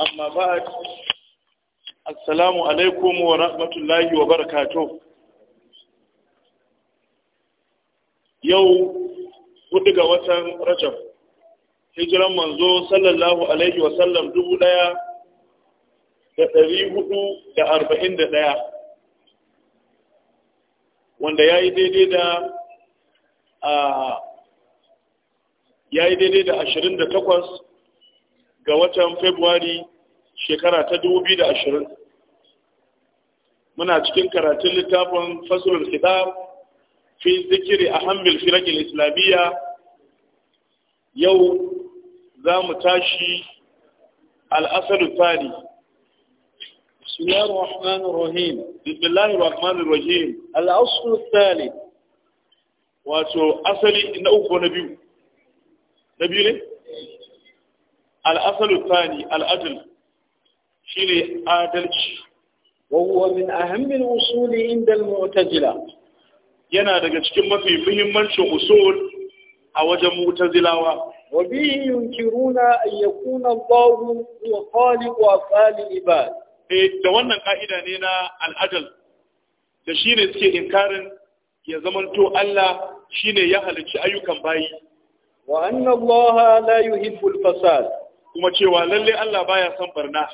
amma ba assalamu alaikum wa rahmatullahi wa barakatuh yau hudu ga watan rajab hijiran manzo sallallahu alaihi wa sallam dubu daya da dari hudu da arba'in da daya wanda ya yi daidai da a ya yi daidai da ashirin da takwas ga watan Februari shekara ta 2020 muna cikin karatun littafin fasulul kitab fi zikiri ahammil firaqil islamiyya yau za mu tashi al-asr al-thani بسم الله الرحمن الرحيم بسم الله الرحمن الرحيم الأصل الثالث wato asali na uku na biyu na al'asalu tani al'adul shi ne adalci wahuwa min ahammin usuli inda mu'tazila yana daga cikin mafi muhimmancin usul a wajen mu'tazilawa wa bihi yunkiruna an yakuna Allahu huwa khaliqu afali ibad eh da wannan ka'ida ne na al'adal da shine suke inkarin ya zamanto Allah shine ya halicci ayyukan bayi wa anna Allah la yuhibbu al-fasad kuma cewa lalle Allah baya son barna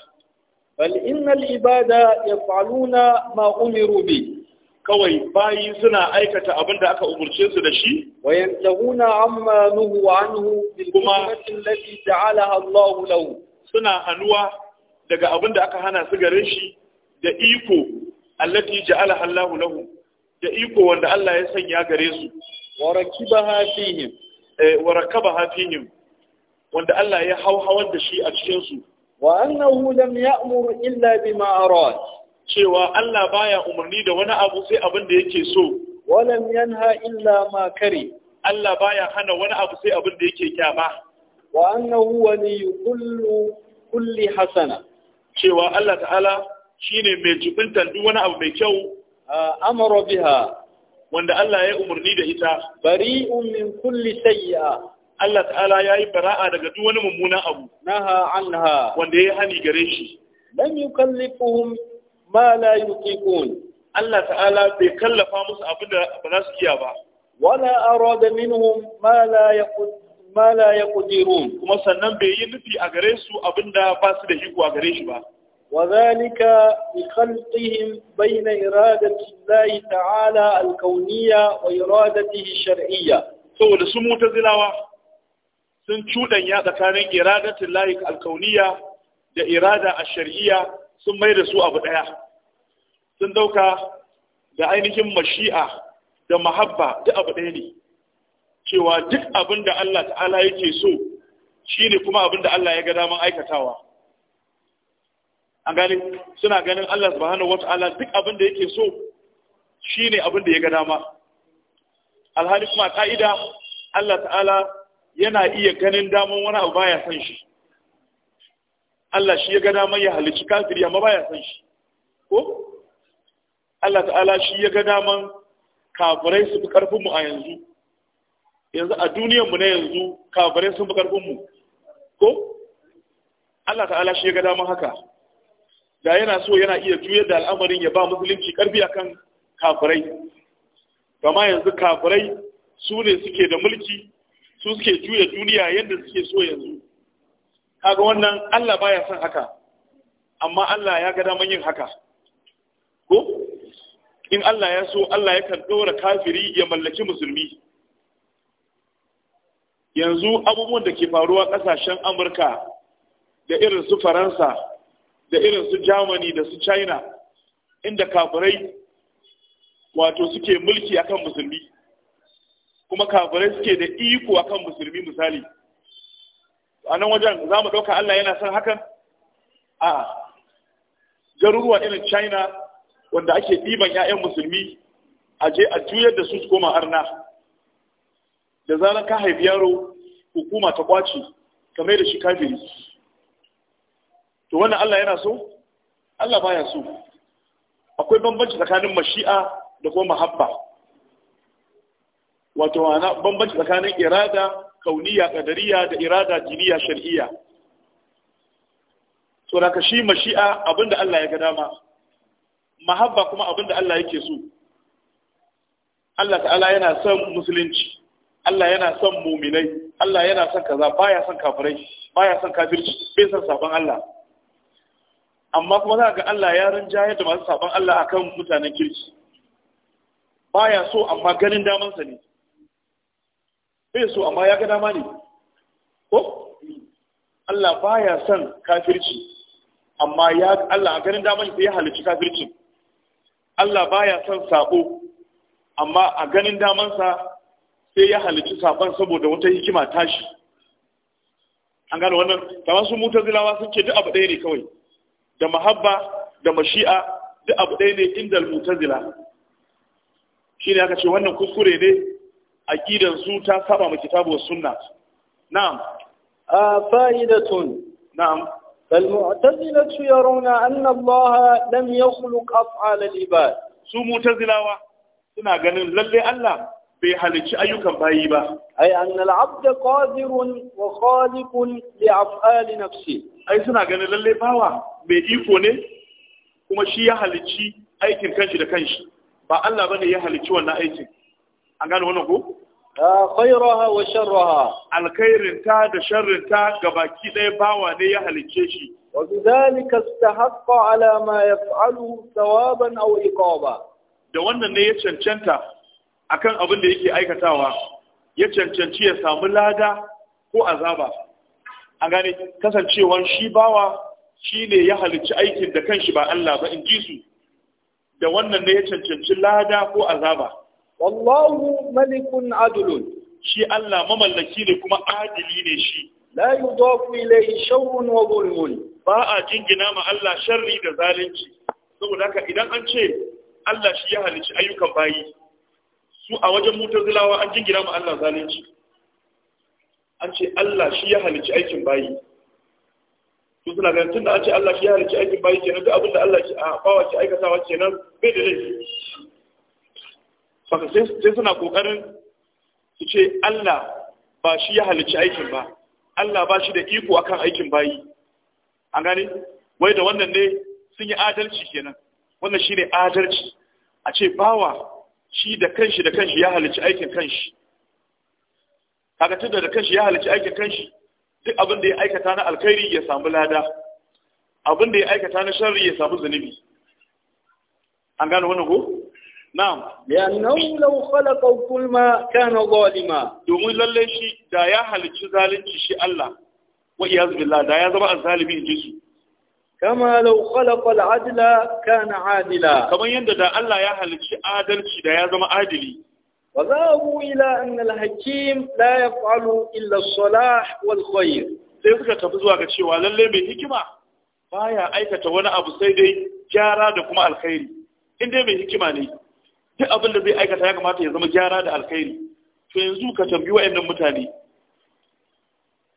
bal innal ibada yaf'aluna ma umiru bi kawai bayi suna aikata abin da aka umurce su da shi wa yantahuna amma nuhu anhu bil qudrati allati ja'alaha Allahu lahu suna hanuwa daga abin da aka hana su gare shi da iko allati ja'alaha Allahu lahu da iko wanda Allah ya sanya gare su wa rakibaha fihim eh, wa rakabaha fihim wanda Allah ya hauhawar da shi a cikin su wa annahu lam ya'mur illa bima arad cewa Allah baya umarni da wani abu sai abin da yake so wa lam yanha illa ma kare Allah baya hana wani abu sai abin da yake kyama wa annahu wali kullu kulli hasana cewa Allah ta'ala shine mai jibintan duk wani abu mai kyau amara biha wanda Allah ya umarni da ita bari'un min kulli sayyi'a Allah ta'ala ya yi bara'a daga duk wani mummunan abu naha anha wanda ya hani gare shi yi yukallifuhum ma la yutiqun Allah ta'ala bai kallafa musu abin da ba za su iya ba wala arada minhum ma la yaqud ma la yaqdirun kuma sannan bai yi nufi a gare su abin da ba su da hiko a gare shi ba وذلك بخلقهم بين إرادة الله تعالى الكونية وإرادته الشرعية saboda su mutazilawa sun cuɗanya tsakanin iradatin layi alkauniya da irada a shari'iyya sun mai da su abu ɗaya sun ɗauka da ainihin mashi'a da mahabba duk abu ɗaya ne cewa duk abin da Allah ta'ala yake so shine kuma abin da Allah ya ga daman aikatawa an gane suna ganin Allah subhanahu wata'ala duk abin da yake so shine abin da ya ga dama alhali kuma ka'ida Allah ta'ala yana iya ganin daman wani abu baya san shi Allah shi ya ga daman ya halicci kafiri amma baya san shi ko Allah ta'ala shi ya ga daman kafirai su fi karfin mu a yanzu yanzu a duniyar mu na yanzu kafirai sun fi karfin mu ko Allah ta'ala shi ya ga daman haka da yana so yana iya juyar da al'amarin ya ba musulunci karfi akan kafirai kama yanzu kafirai su ne suke da mulki su suke juya duniya yadda suke so yanzu kaga wannan Allah baya son haka amma Allah ya ga daman yin haka ko in Allah ya so Allah ya kan ɗora kafiri ya mallaki musulmi yanzu abubuwan da ke faruwa ƙasashen Amurka da irin su Faransa da irin su Germany da su China inda kafirai wato suke mulki akan musulmi kuma kafirai suke da iko akan musulmi misali a nan wajen za mu ɗauka Allah yana son hakan a garuruwa irin china wanda ake ɗiban 'ya'yan musulmi a je a juyar da su su koma arna da zarar ka haifi yaro hukuma ta kwace ka mai da shi kafiri to wannan Allah yana so Allah baya so akwai bambanci tsakanin mashi'a da kuma mahabba wato ana bambanci tsakanin irada kauniya kadariya da irada jiniya shar'iyya so da shi mashi'a abinda Allah ya ga dama mahabba kuma abinda Allah yake so Allah ta'ala yana son musulunci Allah yana son muminai Allah yana son kaza baya son kafirai baya son kafirci bai son sabon Allah amma kuma za ga Allah ya rinja da masu sabon Allah akan mutanen kirki baya so amma ganin damansa ne bai so amma ya ga dama ne ko Allah baya son kafirci amma ya Allah a ganin dama ne sai ya halicci kafirci Allah baya son sabo amma a ganin damansa sai ya halicci saban saboda wata hikima tashi an gano wannan kamar su mutazilawa sun ce duk abu ɗaya ne kawai da mahabba da mashi'a duk abu ɗaya ne inda mutazila shi ne aka ce wannan kuskure ne aqidan su ta saba mu kitabu sunna na'am fa'idatun na'am فالمعتزلة يرون Allah الله لم يخلق al العباد su mutazilawa suna ganin lalle Allah bai halicci ayyukan bayi ba ai annal abd qadirun wa khaliqun li af'ali nafsi ai suna ganin lalle bawa mai iko ne kuma shi ya halicci aikin kanshi da kanshi ba Allah bane ya halicci wannan aikin an gano wannan ko ah, khairaha wa sharraha alkhairin ta da sharrin ga baki ɗaya bawa ne ya halicce shi wa bidhalika istahaqqa ala ma yaf'alu thawaban aw iqaba da wannan ne ya cancanta akan abin da yake aikatawa ya cancanci ya samu lada ko azaba an gane kasancewar shi bawa shine ya halicci aikin da kanshi ba Allah ba in ji su da wannan ne ya cancanci lada ko azaba wallahu malikun adilun shi Allah mamallaki ne kuma adili ne shi la yudafu ilayhi sharrun wa zulmun ba a jingina ma Allah sharri da zalunci saboda haka idan an ce Allah shi ya halici ayyukan bayi su a wajen mutazilawa an jingina ma Allah zalunci an ce Allah shi ya halici aikin bayi su suna ganin tunda an ce Allah shi ya halici aikin bayi kenan duk abin da Allah shi a bawa shi aikatawa kenan bai da laifi saka sai suna kokarin su ce Allah ba shi ya halicci aikin ba Allah ba shi da iko akan aikin bayi an gane wai da wannan ne sun yi adalci kenan wannan shine adalci a ce bawa shi da kanshi da kanshi ya halicci aikin kanshi kaga tunda da kanshi ya halicci aikin kanshi duk abin da ya aikata na alkhairi ya samu lada abin da ya aikata na sharri ya samu zunubi an gane wannan ko na'am li'annahu law khalaqa kulma kana zalima domin lalle shi da ya halicci zalunci shi Allah wa iyaz billah da ya zama azzalimi inji su kama law khalaqa al'adla kana adila kamar yadda da Allah ya halicci adalci da ya zama adili وذهبوا إلى أن الحكيم لا يفعل إلا الصلاح والخير sai suka tafi zuwa ga cewa lalle mai hikima baya aikata wani abu sai dai gyara da kuma alkhairi in dai mai hikima ne duk abin da zai aikata ya kamata ya zama gyara da alkhairi to yanzu ka tambi wa'annan mutane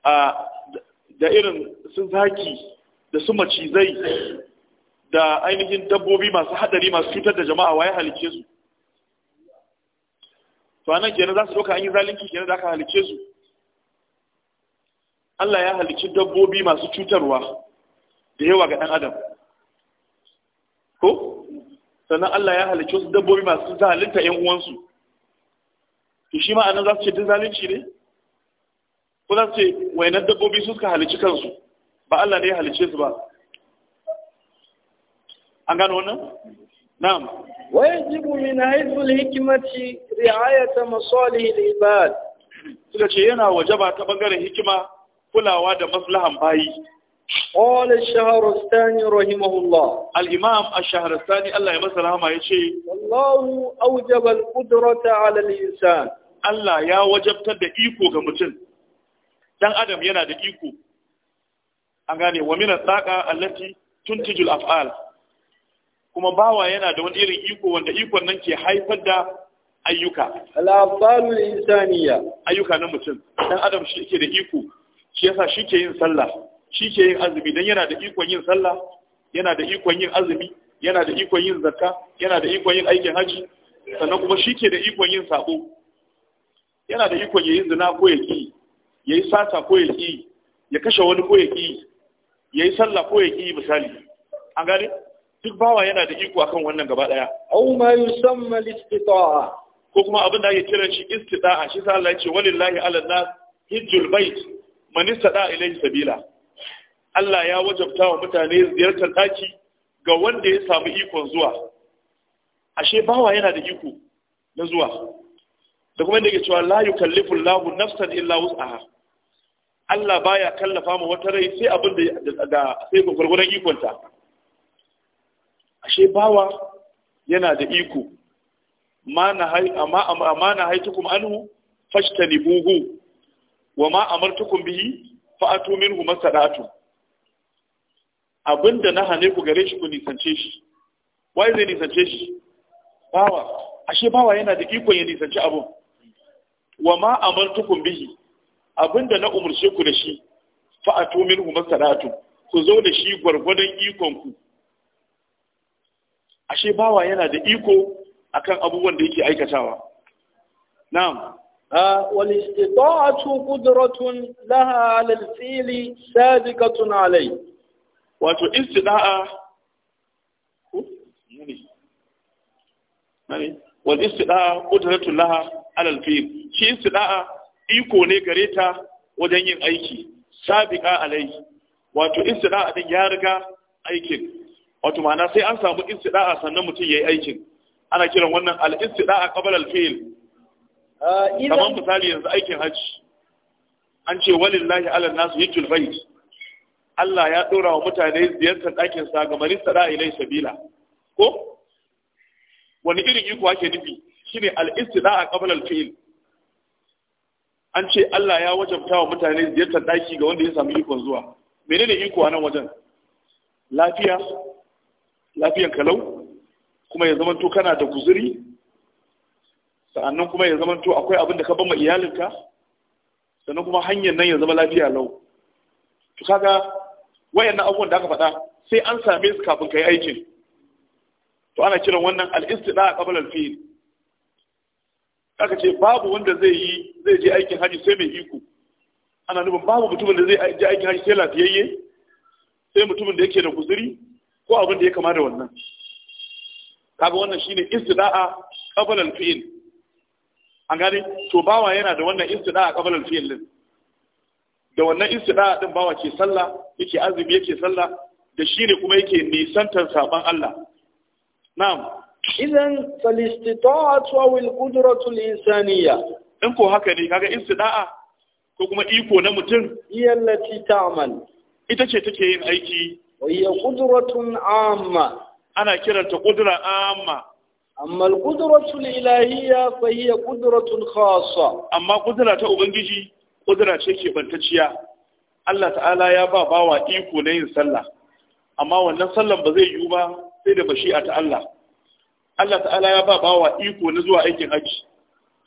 a da irin sun zaki da su macizai da ainihin dabbobi masu hadari masu cutar da jama'a waye halice su to anan kenan za su doka an yi zalunci kenan da aka halice su Allah ya halicci dabbobi masu cutarwa da yawa ga ɗan adam sannan Allah ya halicci wasu dabbobi masu zalunta 'yan uwansu to shi ma anan za su ce duk zalunci ne ko za su ce wayannan dabbobi su suka halicci kansu ba Allah ne ya halicce su ba an gano wannan na'am Wai jibu min haythu al-hikmati ri'ayata masalih al-ibad suka ce yana wajaba ta bangaren hikima kulawa da maslahan bayi Kole shaharar Sani rahimahulmah. Al'imaman a shaharar Sani Allah ya bar Salama ya ce. Allahu au jabar kudurata halalinsa. Allah ya wajabtar da iko ga mutum. Dan Adam yana da iko. A ganin wa minan zaƙa a al'adu af'al. Kuma Bawa yana da wani irin iko wanda ikon nan ke haifar da ayyuka. Al'a falun ya yi saniya. nan mutum, Dan Adam shi ke da iko, shi yasa shi ke yin sallah. shi ke yin azumi don yana da ikon yin sallah yana da ikon yin azumi yana da ikon yin zakka yana da ikon yin aikin haji sannan kuma shi ke da ikon yin sabo yana da ikon ya zina ko ya ki ya yi sata ko ya ki ya kashe wani ko ya ki ya yi sallah ko ya ki misali an gane duk bawa yana da iko akan wannan gaba daya aw ma yusamma listita'a ko kuma abin da ake kiran shi istita'a shi sa Allah ya ce walillahi 'ala nas hijjul bait man istata'a ilayhi sabila Allah ya wajabta wa mutane ziyartar ɗaki ga wanda ya samu ikon zuwa ashe bawa yana da iko na zuwa da kuma da ke cewa la yukallifu lahu nafsan illa wus'aha Allah baya kallafa mu wata rai sai abin da da sai ikon ikonta ashe bawa yana da iko mana na hay amma amma na haytukum anhu fashtanibuhu wa ma amartukum bihi fa'atu minhu masadatu Abin da na hane ku gare shi ku nisance shi wai zai nisance shi bawa ashe bawa yana da ikon ya nisanci abun wa ma amartukum bihi abin da na umurce ku da shi fa atu minhu masalatu ku zo da shi gwargwadon ikon ku ashe bawa yana da iko akan abubuwan da yake aikatawa na'am istita'atu قدرة laha على fili sadiqatun عليه wato istida'a ko ne ne wal istida'a qudratu laha ala al-fi'l shi istida'a iko ne gare ta wajen yin aiki sabiqa alai wato istida'a din ya riga aikin wato ma'ana sai an samu istida'a sannan mutum yayi aikin ana kiran wannan al-istida'a qabla al-fi'l ah, kamar misali yanzu aikin hajji an ce walillahi ala nasu hijjul bait Allah ya ɗora wa mutane ziyartar ɗakin sa ga marisa da ilai sabila ko wani irin iko ake nufi shine al-istida a qabla al-fi'l an ce Allah ya wajabta wa mutane ziyartar ɗaki ga wanda ya samu ikon zuwa menene iko a nan wajen lafiya lafiyan kalau kuma ya zamanto kana da guzuri sa'annan kuma ya zamanto akwai abin da ka bama iyalinka sannan kuma hanyar nan ya zama lafiya lau to kaga wayannan abubuwan da aka faɗa sai an same su kafin kai aikin to ana kiran wannan al-istida qabl al-fi'l aka ce babu wanda zai yi zai je aikin haji sai mai iko ana nufin babu mutumin da zai je aikin haji sai lafiyayye sai mutumin da yake da guzuri ko abin da ya kama da wannan kaga wannan shine istida'a qabl al-fi'l an gane to bawa yana da wannan istida'a qabl al-fi'l din da wannan istida din bawa ke sallah yake azumi yake sallah da shi ne kuma yake nisantar saban Allah na'am idan falistita'atu aw al-qudratu al-insaniyya in ko haka ne kaga istida'a ko kuma iko na mutum iyallati ta'mal ita ce take yin aiki wa hiya qudratun amma ana kiranta kudura amma amma al-qudratu ilahiyya fa hiya qudratun khassa amma qudrata ubangiji kudura ce ke bantaciya. Allah ta'ala ya ba bawa iko na yin sallah amma wannan sallan ba zai yiwu ba sai da bashi'a ta Allah Allah ta'ala ya ba bawa iko na zuwa aikin haji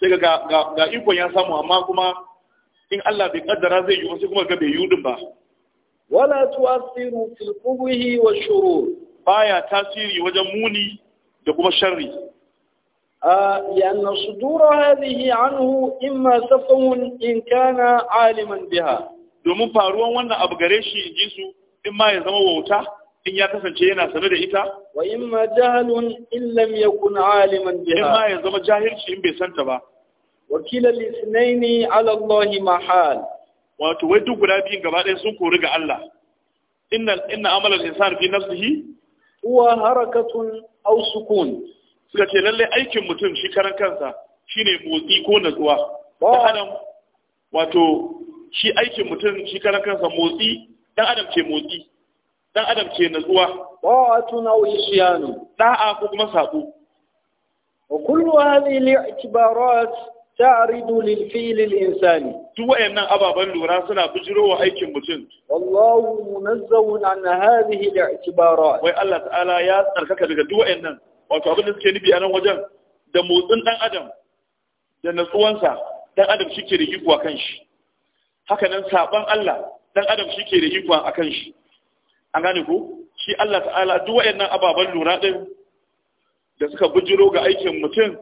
sai ga ga ikon ya samu amma kuma in Allah bai kaddara zai yiwu sai kuma ga bai yiwu ba wala tu'athiru fil qubhi wa shurur baya tasiri wajen muni da kuma sharri لأن صدور هذه عنه إما سفه إن كان عالما بها domin faruwan wannan abu gare shi in ji su in ma ya zama wauta in ya kasance yana sane da ita wa in ma jahalun in lam yakun aliman biha in ma ya zama jahilci in bai santa ba wa kila lisnaini ala Allah mahal wato wai duk guda biyun gaba ɗaya sun kori ga Allah inna inna amalan insan fi nafsihi huwa harakatun aw sukun suka ce lallai aikin mutum shi karan kansa shi ne motsi ko natsuwa dan adam wato shi aikin mutum shi karan kansa motsi dan adam ke motsi dan adam ke natsuwa ta'atu na isyanu da'a ko kuma sabo wa kullu hadhihi al-i'tibarat ta'ridu lil fi'l al-insani duk wayannan ababen lura suna bijirowa aikin mutum wallahu munazzahun na hadhihi al-i'tibarat wai Allah ta'ala ya tsarkaka daga duk wato abin da suke nufi a nan wajen da motsin ɗan adam da natsuwansa ɗan adam shike da hikuwa akan shi haka nan saban Allah ɗan adam shike da a akan shi an gane ko shi Allah ta'ala duk wayannan ababen lura ɗin da suka bujiro ga aikin mutum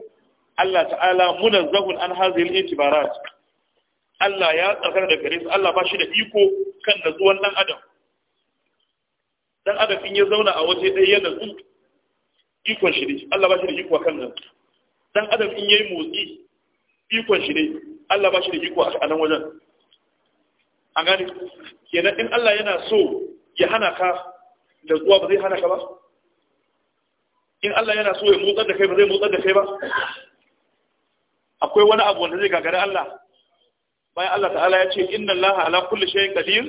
Allah ta'ala zahun an hazil itibarat Allah ya tsakar da gare su Allah ba shi da iko kan natsuwan ɗan adam Ɗan adam in ya zauna a waje ɗaya ya natsu ikon shi ne Allah ba shi da iko kan nan dan adam in yayi motsi ikon shi ne Allah ba shi da iko a nan wajen an gani. kenan in Allah yana so ya hana ka da zuwa ba zai hana ka ba in Allah yana so ya motsar da kai ba zai motsar da kai ba akwai wani abu wanda zai gagari Allah bayan Allah ta'ala ya ce inna Allah ala kulli shay'in qadir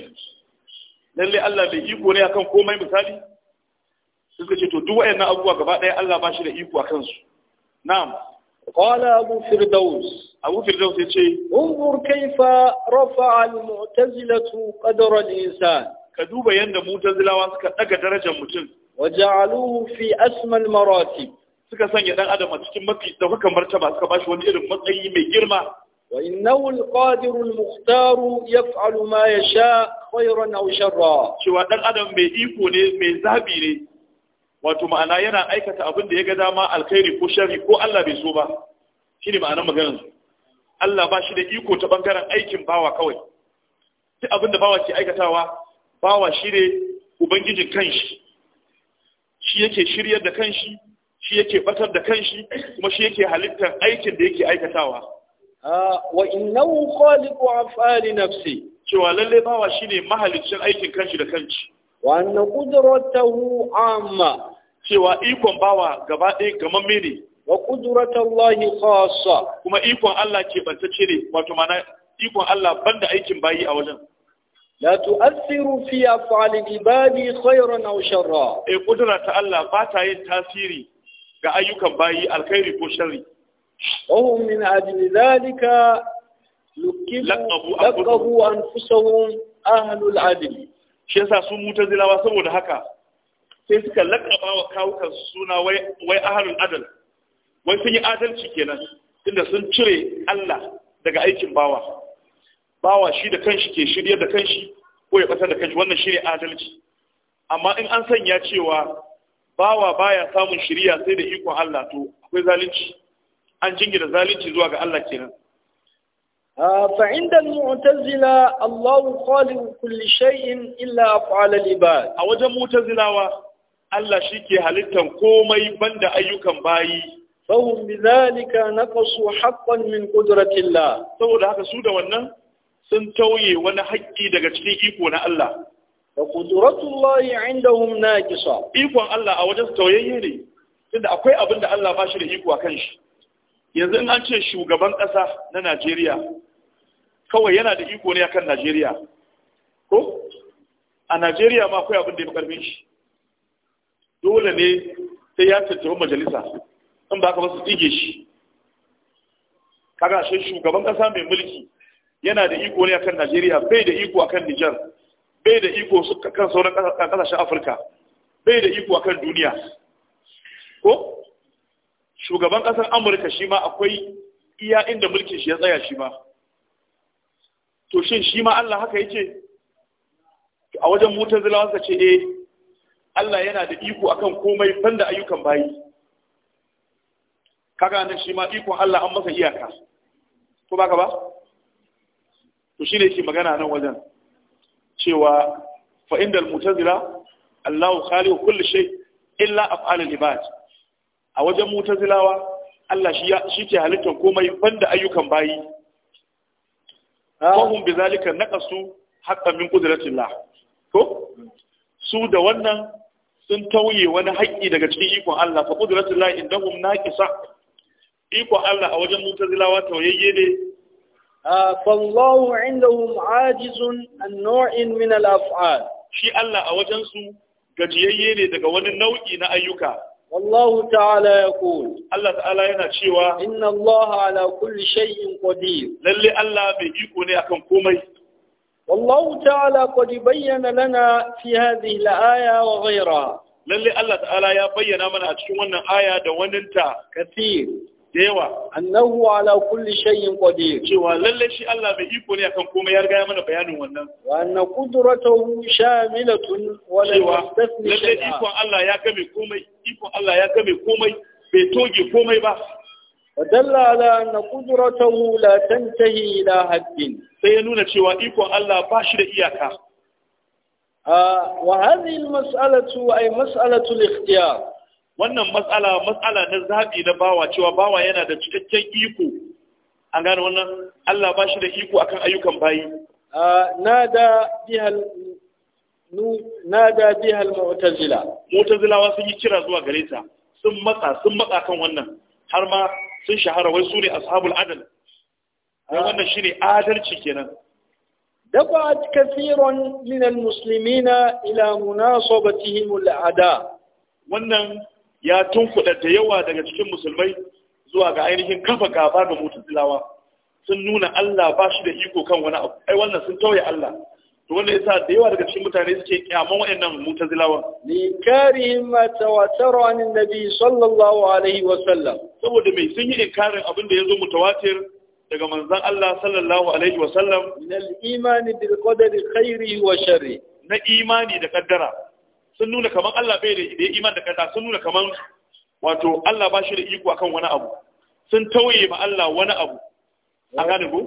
lalle Allah bai iko ne akan komai misali suka ce to duk wayannan abubuwa gaba ɗaya Allah ba shi da iko a kansu na'am qala abu firdaus abu firdaus ya ce unzur kaifa rafa'a al-mu'tazilatu qadra al-insan ka duba yanda mu'tazilawa suka daga darajar mutum waja'aluhu fi asma al-maratib suka sanya dan adam a cikin mafi daukakan martaba suka bashi wani irin matsayi mai girma وإنه ma yasha يفعل ما يشاء Cewa أو adam mai iko ne mai مي ne. wato ma'ana yana aikata abin da ya ga dama alkhairi ko shari ko Allah bai so ba shine ma'anar maganar Allah ba shi da iko ta bangaren aikin bawa kawai duk abin da bawa ke aikatawa bawa shi ne ubangijin kanshi shi yake shiryar da kanshi shi yake batar da kanshi kuma shi yake halittar aikin da yake aikatawa wa innahu khaliqu afali nafsi cewa lalle bawa shi ne mahaliccin aikin kanshi da kanshi وأن قدرته عامة سوى إيكم باوا غبا إيكم وقدرة الله خاصة كما إيكم الله كي بسكري وتمنى إيكم الله بند أيكم باي أولا لا تؤثر في أفعال العباد خيرا أو شرا إي قدرة الله باتا تأثيري كأيكم باي الخير بشري وهم من عدل ذلك لقبوا أنفسهم أهل العدل shi yasa su mutazilawa saboda haka sai suka lakaba wa kawukan suna wai wai ahlul adal wai sun yi adalci kenan tunda sun cire Allah daga aikin bawa bawa shi da kanshi ke shirye da kanshi ko ya fata da kanshi wannan shine adalci amma in an sanya cewa bawa baya samun shiriya sai da ikon Allah to akwai zalunci an jingina zalunci zuwa ga Allah kenan فعند المعتزلة الله خالق كل شيء إلا أفعال العباد a wajen mutazilawa Allah shi ke halittar komai banda ayyukan bayi fahum na naqasu haqqan min qudratillah saboda haka su da wannan sun tauye wani haƙƙi daga cikin iko na Allah wa qudratullahi indahum naqisa ikon Allah a wajen tauyayye ne tunda akwai abin da Allah ba shi da iko a kan shi yanzu in an ce shugaban ƙasa na Najeriya kawai yana da iko ne akan Najeriya ko a Najeriya ma akwai abin da ya karfin shi dole ne sai ya tattabi majalisa in ba ka ba su tsige shi kaga shi shugaban ƙasa mai mulki yana da iko ne akan Najeriya bai da iko akan Nijar bai da iko kan sauran ƙasashen Afirka bai da iko akan duniya ko shugaban ƙasar amurka shi ma akwai iya inda mulkin shi ya tsaya shi ma to shin shi ma allah haka yake a wajen mutar zilawansa ce eh allah yana da iko akan komai banda ayyukan bayi kaga nan shi ma ikon allah an masa iyaka ko baka ba to shine ke magana nan wajen cewa fa indal mutazila Allahu khaliqu kulli shay illa af'alul ibad a wajen zilawa Allah shi ke halittar komai banda ayyukan bayi fahim bi zalika naqasu haqqan min qudratillah ko su da wannan sun tauye wani haƙƙi daga cikin ikon Allah fa qudratillah indahum naqisa ikon Allah a wajen mutazilawa tauyayye ne فالله عندهم عاجز عن نوع من الافعال shi Allah a wajen su gajiyayye ne daga wani nau'i na ayyuka والله تعالى يقول Allah ta'ala yana cewa inna Allah ala kulli shay'in qadir lalle Allah bai iko ne akan komai والله تعالى قد بين لنا في هذه الآية وغيرها lalle Allah ta'ala ya bayyana mana a cikin wannan aya da waninta kasir dewa yawa annahu ala kulli shay'in qadir cewa lalle shi Allah bai iko ne akan komai ya riga ya mana bayanin wannan wa anna qudratuhu shamilatun wa la yastathni lalle iko Allah ya kame komai iko Allah ya kame komai bai toge komai ba ودل على أن قدرته لا تنتهي Sai ya nuna cewa ikon Allah ba shi da iyaka وهذه المسألة أي mas'alatu الاختيار wannan matsala matsala na zaɓi na bawa cewa bawa yana da cikakken iko an gane wannan Allah ba shi da iko akan ayyukan bayi nada bihal nada bihal mu'tazila mu'tazilawa sun yi kira zuwa gare ta sun matsa sun matsa kan wannan har ma sun shahara wai su ne ashabul adal wai ah. wannan shine adalci kenan دفعت كثيرا من المسلمين إلى مناصبتهم الأعداء wannan ya tunkuɗa da yawa daga cikin musulmai zuwa ga ainihin kafa gaba ga mutazilawa sun nuna Allah ba shi da iko kan wani abu ai wannan sun tauye Allah to wanda yasa da yawa daga cikin mutane suke kyaman wayannan mutazilawa li karihim ma tawatara an annabi sallallahu alaihi wa sallam saboda mai sun yi inkarin abin da yazo mutawatir daga manzon Allah sallallahu alaihi wa sallam min al-iman bil qadari khairi wa sharri na imani da kaddara sun nuna kamar Allah bai da da iman da kaza sun nuna kamar wato Allah ba shi da iko akan wani abu sun tauye ma Allah wani abu an gane ko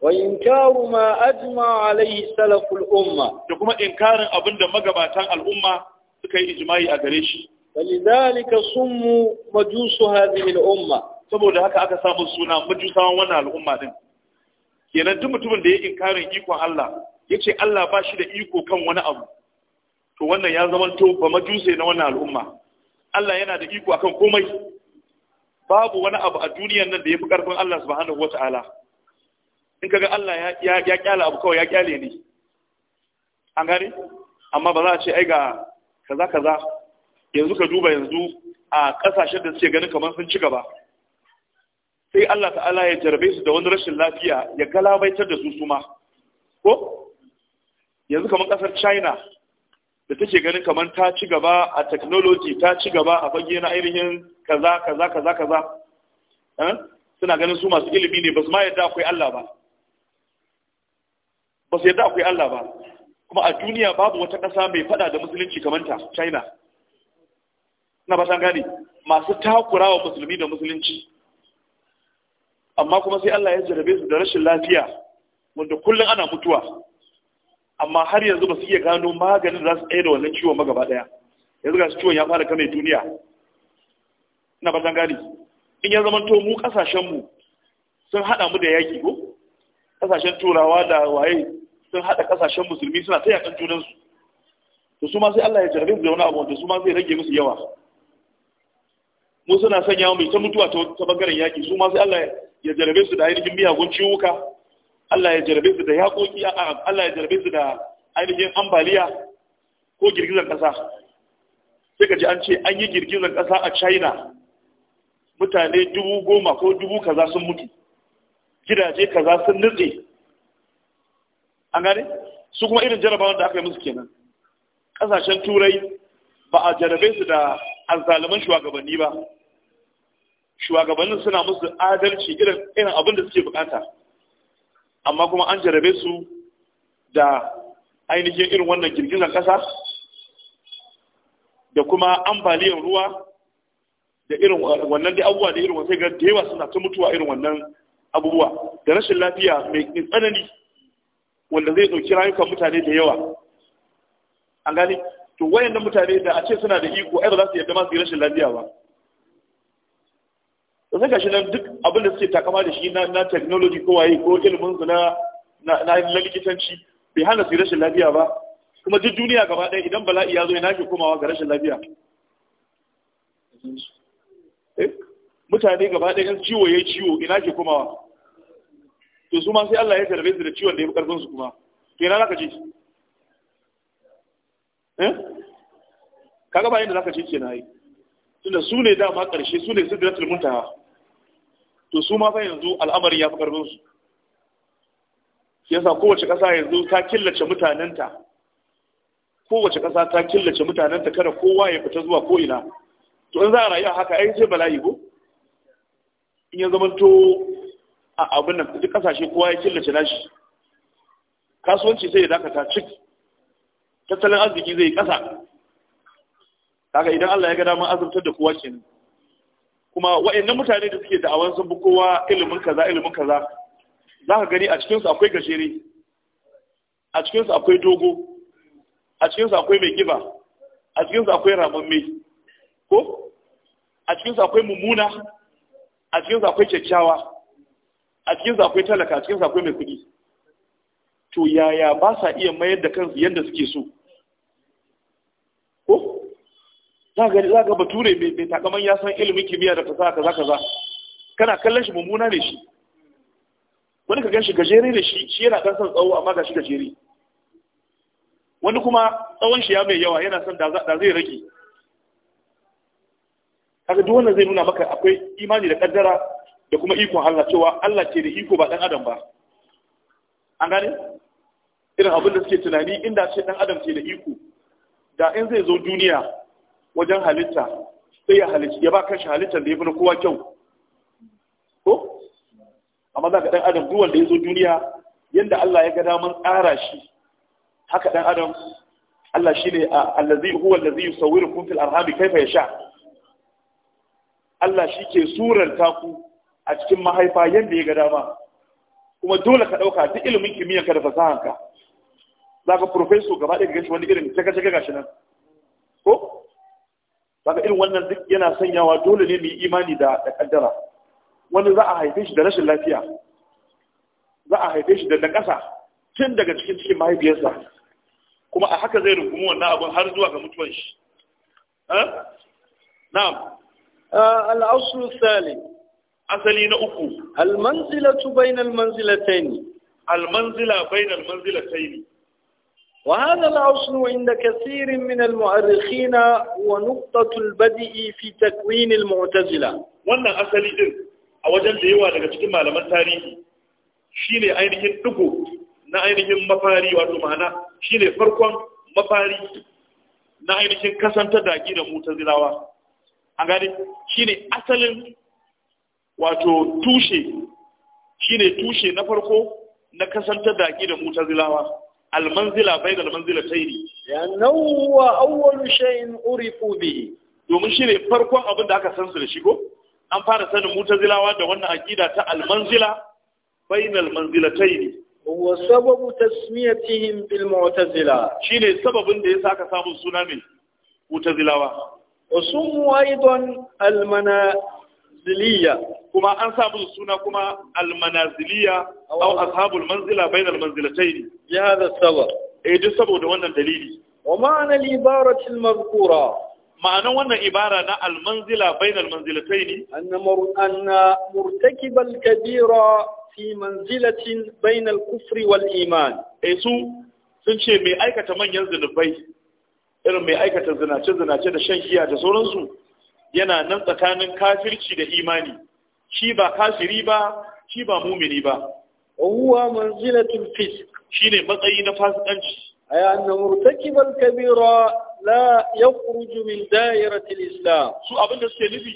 wa inkaru ma ajma alaihi salaful umma da kuma inkarin da magabatan al'umma suka yi ijma'i a gare shi ولذلك سموا مجوس هذه Umma. saboda haka aka samu suna majusawan wannan al'umma din kenan duk mutumin da ya inkarin ikon Allah yace Allah ba shi da iko kan wani abu to wannan ya zama to ba majuse na wannan al'umma Allah yana da iko akan komai babu wani abu a duniyar nan da ya fi ƙarfin Allah subhanahu wata'ala in kaga Allah ya ya kyale abu kawai ya kyale ne an gane amma ba za a ce ai ga kaza kaza yanzu ka duba yanzu a kasashen da suke ganin kamar sun ci gaba sai Allah ta'ala ya jarabe su da wani rashin lafiya ya galabaitar da su suma ko yanzu kamar kasar China da take ganin kamar ta ci gaba a technology ta ci gaba a fage na ainihin kaza kaza kaza kaza eh? suna ganin su masu ilimi ne ba su ma yadda akwai Allah ba ba su yadda akwai Allah ba kuma a duniya babu wata ƙasa mai fada da musulunci kamar ta China na ba gane masu takurawa musulmi da musulunci amma kuma sai Allah ya jarabe su da rashin lafiya wanda kullum ana mutuwa amma har yanzu ba su iya gano maganin za su tsaye da wannan ciwon magaba daya yanzu ga ciwon ya fara kame duniya na batan gani in ya zama to mu kasashenmu sun hada mu da yaki ko kasashen turawa da waye sun hada kasashen musulmi suna ta yakan junansu to su ma sai Allah ya jarabe su da wani abu wanda su ma sai rage musu yawa mu suna sanya mai ta mutuwa ta bangaren yaki su ma sai Allah ya jarabe su da ainihin miyagun ciwuka Allah ya jarabe su da yaƙoƙi Allah ya jarabe su da ainihin ambaliya ko girgizar ƙasa sai ka ji an ce an yi girgizar ƙasa a China mutane dubu goma ko dubu kaza sun mutu gidaje kaza sun nutse an gane su kuma irin jarabawan da aka yi musu kenan ƙasashen turai ba a jarabe su da azzaluman shugabanni ba shugabannin suna musu adalci irin abin da suke bukata amma kuma an jarabe su da ainihin irin wannan girgizar ƙasa da kuma ambaliyar ruwa da irin wannan da abubuwa da irin wasu ga da yawa suna ta mutuwa irin wannan abubuwa da rashin lafiya mai tsanani wanda zai ɗauki rayukan mutane da yawa an gani to wayannan mutane da a ce suna da iko ai ba za su yadda ma su yi rashin lafiya ba to sai gashi nan duk abin da suke takama da shi na na technology ko waye ko ilimin su na na likitanci bai hana su rashin lafiya ba kuma duk duniya gaba ɗaya idan bala'i ya zo yana ke komawa ga rashin lafiya eh? mutane gaba ɗaya in ciwo ya yi ciwo ina ke komawa to su ma sai Allah ya tarbe su da ciwon da ya fi karfin su kuma to ina zaka ce eh kaga ba yanda zaka ce na yi. tunda su ne dama ƙarshe su ne sidratul muntaha to su ma fa yanzu al'amarin ya fi karfin su yasa kowace ƙasa yanzu ta killace mutanenta kowace ƙasa ta killace mutanenta kada kowa ya fita zuwa ko'ina to in za a rayu haka ai sai bala'i ko in ya zama to a abin nan duk ƙasashe kowa ya killace nashi kasuwanci sai ya dakata cik tattalin arziki zai ƙasa kaga idan Allah ya ga dama azurtar da kowa kenan kuma wa'annan mutane da suke da'awan sun bi kowa ilimin kaza ilimin kaza za ka gani a cikinsu akwai gajere a cikinsu akwai dogo a cikinsu akwai mai giba a cikinsu akwai ramamme ko a cikinsu akwai mummuna a cikinsu akwai kyakkyawa a cikinsu akwai talaka a cikinsu akwai mai kuɗi to yaya ba sa iya mayar da kansu yadda suke so ko za ga bature mai takaman ya san ilimin kimiyya da fasaha kaza kaza kana kallon shi mummuna ne shi wani ka gan shi gajere ne shi shi yana dan son tsawo amma ga shi gajere wani kuma tsawon shi ya mai yawa yana son da zai rage kaga duk wannan zai nuna maka akwai imani da kaddara da kuma ikon Allah cewa Allah ke da iko ba dan adam ba an gane irin abin da suke tunani inda ce dan adam ke da iko da in zai zo duniya wajen halitta sai ya halitta ya ba kanshi halittar da ya fi na kowa kyau ko amma za ka ɗan adam duwanda ya zo duniya yadda Allah ya ga daman ƙara shi haka ɗan adam Allah shi ne allazi huwa allazi yusawwirukum fil arhami kaifa Ya-sha. Allah shi ke suranta ku a cikin mahaifa yadda ya ga dama kuma dole ka ɗauka duk ilimin kimiyyar da fasahanka za ka profeso gaba ɗaya gashi wani irin caka-caka gashi nan ko Baga irin wannan duk yana sanyawa dole ne mu yi imani da da kaddara wani za a haife shi da rashin lafiya za a haife shi da nakasa tun daga cikin cikin mahaifiyarsa kuma a haka zai rungumi wannan abin har zuwa ga mutuwan shi eh? na'am ah, al-aslu asali na uku al-manzilatu bainal manzilatayn al-manzila bainal manzilatayn وهذا الأصل عند كثير من المؤرخين ونقطة البدء في تكوين المعتزلة wannan asali din a wajen da yawa daga cikin malaman tarihi shine ainihin dugo na ainihin mafari wato ma'ana shine farkon mafari na ainihin kasantar da aqidar mu'tazilawa an gani shine asalin wato tushe shine tushe na farko na kasantar da aqidar mu'tazilawa almanzila bai da almanzila tairi ya nawwa awwalu shay'in urifu bihi domin shi ne farkon abin da aka san su da shi ko an fara sanin mutazilawa da wannan aqida ta almanzila bainal manzilataini huwa sababu tasmiyatihim bil mu'tazila shine sababin da yasa aka samu suna mai mutazilawa wa sumu aidan al manaziliya kuma an sa musu suna kuma almanaziliya aw ashabul manzila bainal manzilatayn ya hada sabab eh duk saboda wannan dalili wa ma'ana al-ibarati al-mazkura ma'anan wannan ibara na almanzila manzila bainal manzilatayn anna anna murtakib al-kabira fi manzilatin bainal kufri wal iman eh su sun ce mai aikata manyan zunubai irin mai aikata zinace zinace da shan giya da sauransu yana nan tsakanin kafirci da imani shi ba kashiri ba shi ba mumini ba huwa manzilatul fisk shine matsayi na fasikanci ay anna murtakibal kabira la yakhruju min da'iratil islam su abinda suke nufi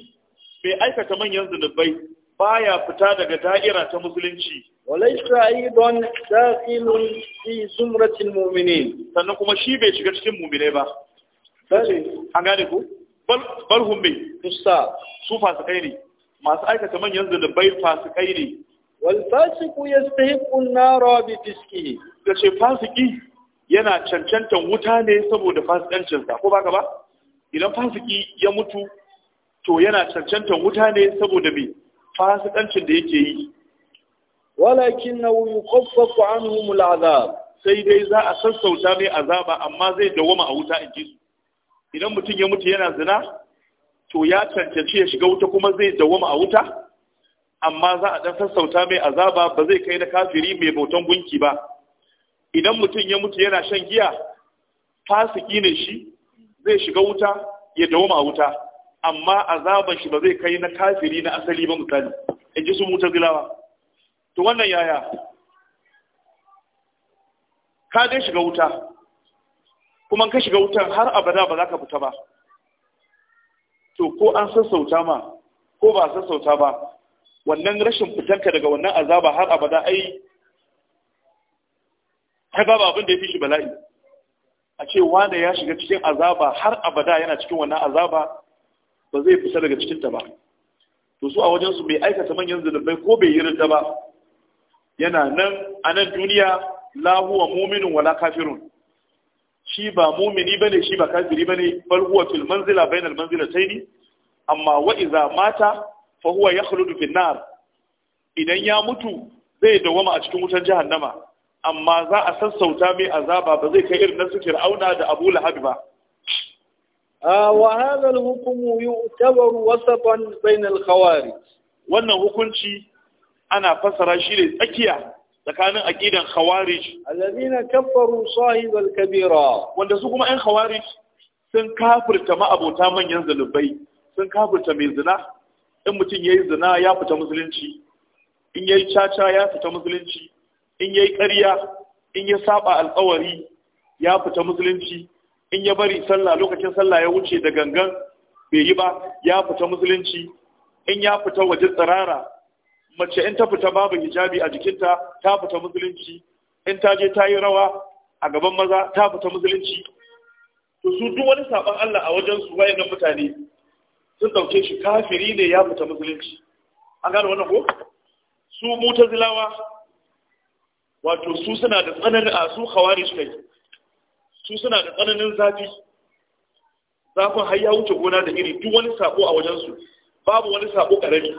bai aikata manyan zunubai baya fita daga da'ira ta musulunci walaysa aidan dakhilun fi zumratil mu'minin sannan kuma shi bai shiga cikin mu'minai ba bale gane ku bal bal hum bi su fasikai ne masu aikata manyan zunubai fasikai ne wal fasiku yastahiqu an Rabi bi fiskihi ce fasiki yana cancantan wuta ne saboda fasikancinsa. Ko ko baka ba idan fasiki ya mutu to yana cancantan wuta ne saboda mai fasikancin da yake yi wuyu yukhaffafu an humu azab sai dai za a sassauta mai azaba amma zai dawama a wuta in ji su idan mutum ya mutu yana zina to ya cancanci ya shiga wuta kuma zai dawama a wuta amma za a dan sassauta mai azaba ba zai kai na kafiri mai bautan gunki ba idan mutum ya mutu yana shan giya fasiki ne shi zai shiga wuta ya dawama a wuta amma azaban shi ba zai kai na kafiri na asali ba misali in ji su gilawa, to wannan yaya ka dai shiga wuta kuma ka shiga wutan har abada ba za ka fita ba to ko an sassauta ma ko ba sassauta ba wannan rashin fitanka daga wannan azaba har abada ai ai ba abin da ya fi shi bala'i a ce wanda ya shiga cikin azaba har abada yana cikin wannan azaba ba zai fita daga cikin ta ba to su a wajen su bai aikata manyan zunubai ko bai yi rinta ba yana nan a nan duniya lahuwa muminin wala kafirun shi ba mumini bane shi ba kafiri bane bal huwa fil manzila bainal manzilataini amma wa idza mata fa huwa yakhludu fin nar idan ya mutu zai dawama a cikin wutar jahannama amma za a sassauta mai azaba ba zai kai irin na fir'auna da abu lahabi ba wa hadha al-hukm yu'tabaru wasatan bain al-khawarij wannan hukunci ana fassara shi ne tsakiya tsakanin aqidan khawarij alladhina kaffaru kabira wanda su kuma ɗan khawarij sun kafirta ma'abota manyan zalubai sun kafirta mai zina in mutum yayi zina ya fita musulunci in yayi caca ya fita musulunci in yayi ƙarya in ya saba alƙawari ya fita musulunci in ya bari sallah lokacin sallah ya wuce da gangan bai yi ba ya fita musulunci in ya fita waje tsirara mace in ta fita babu hijabi a jikinta ta fita musulunci in ta je ta yi rawa a gaban maza ta fita musulunci to su duk wani saban Allah a wajen su wayannan mutane sun dauke shi kafiri ne ya fita musulunci an gane wannan ko su mutazilawa wato su suna da tsananin a su khawarij kai su suna da tsananin zafi zafin har ya wuce gona da iri duk wani sako a wajen su babu wani sako karami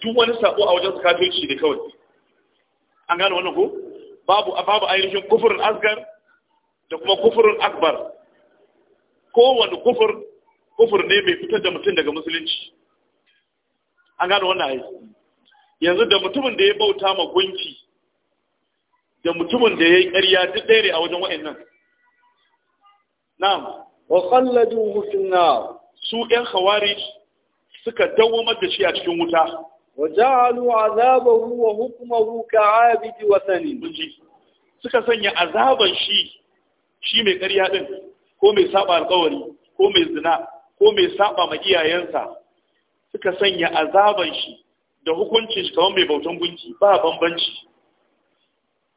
Tun wani sako a wajen kafirci ne kawai an gane wannan ko babu babu ainihin kufurin asgar da kuma kufurin akbar kowane kufur kufur ne mai fitar da mutum daga musulunci an gane wannan ai yanzu da mutumin da ya bauta ma gunki da mutumin da ya yi ƙarya duk ɗaya ne a wajen nan na'am wa qalladuhu fi su ƴan hawari suka dawo da shi a cikin wuta وجعلوا عذابه وحكمه كعابد وثن suka sanya azaban shi shi mai ƙarya din ko mai saba alƙawari ko mai zina ko mai saba ma iyayensa suka sanya azaban shi da hukuncin shi kamar mai bautan gunki ba bambanci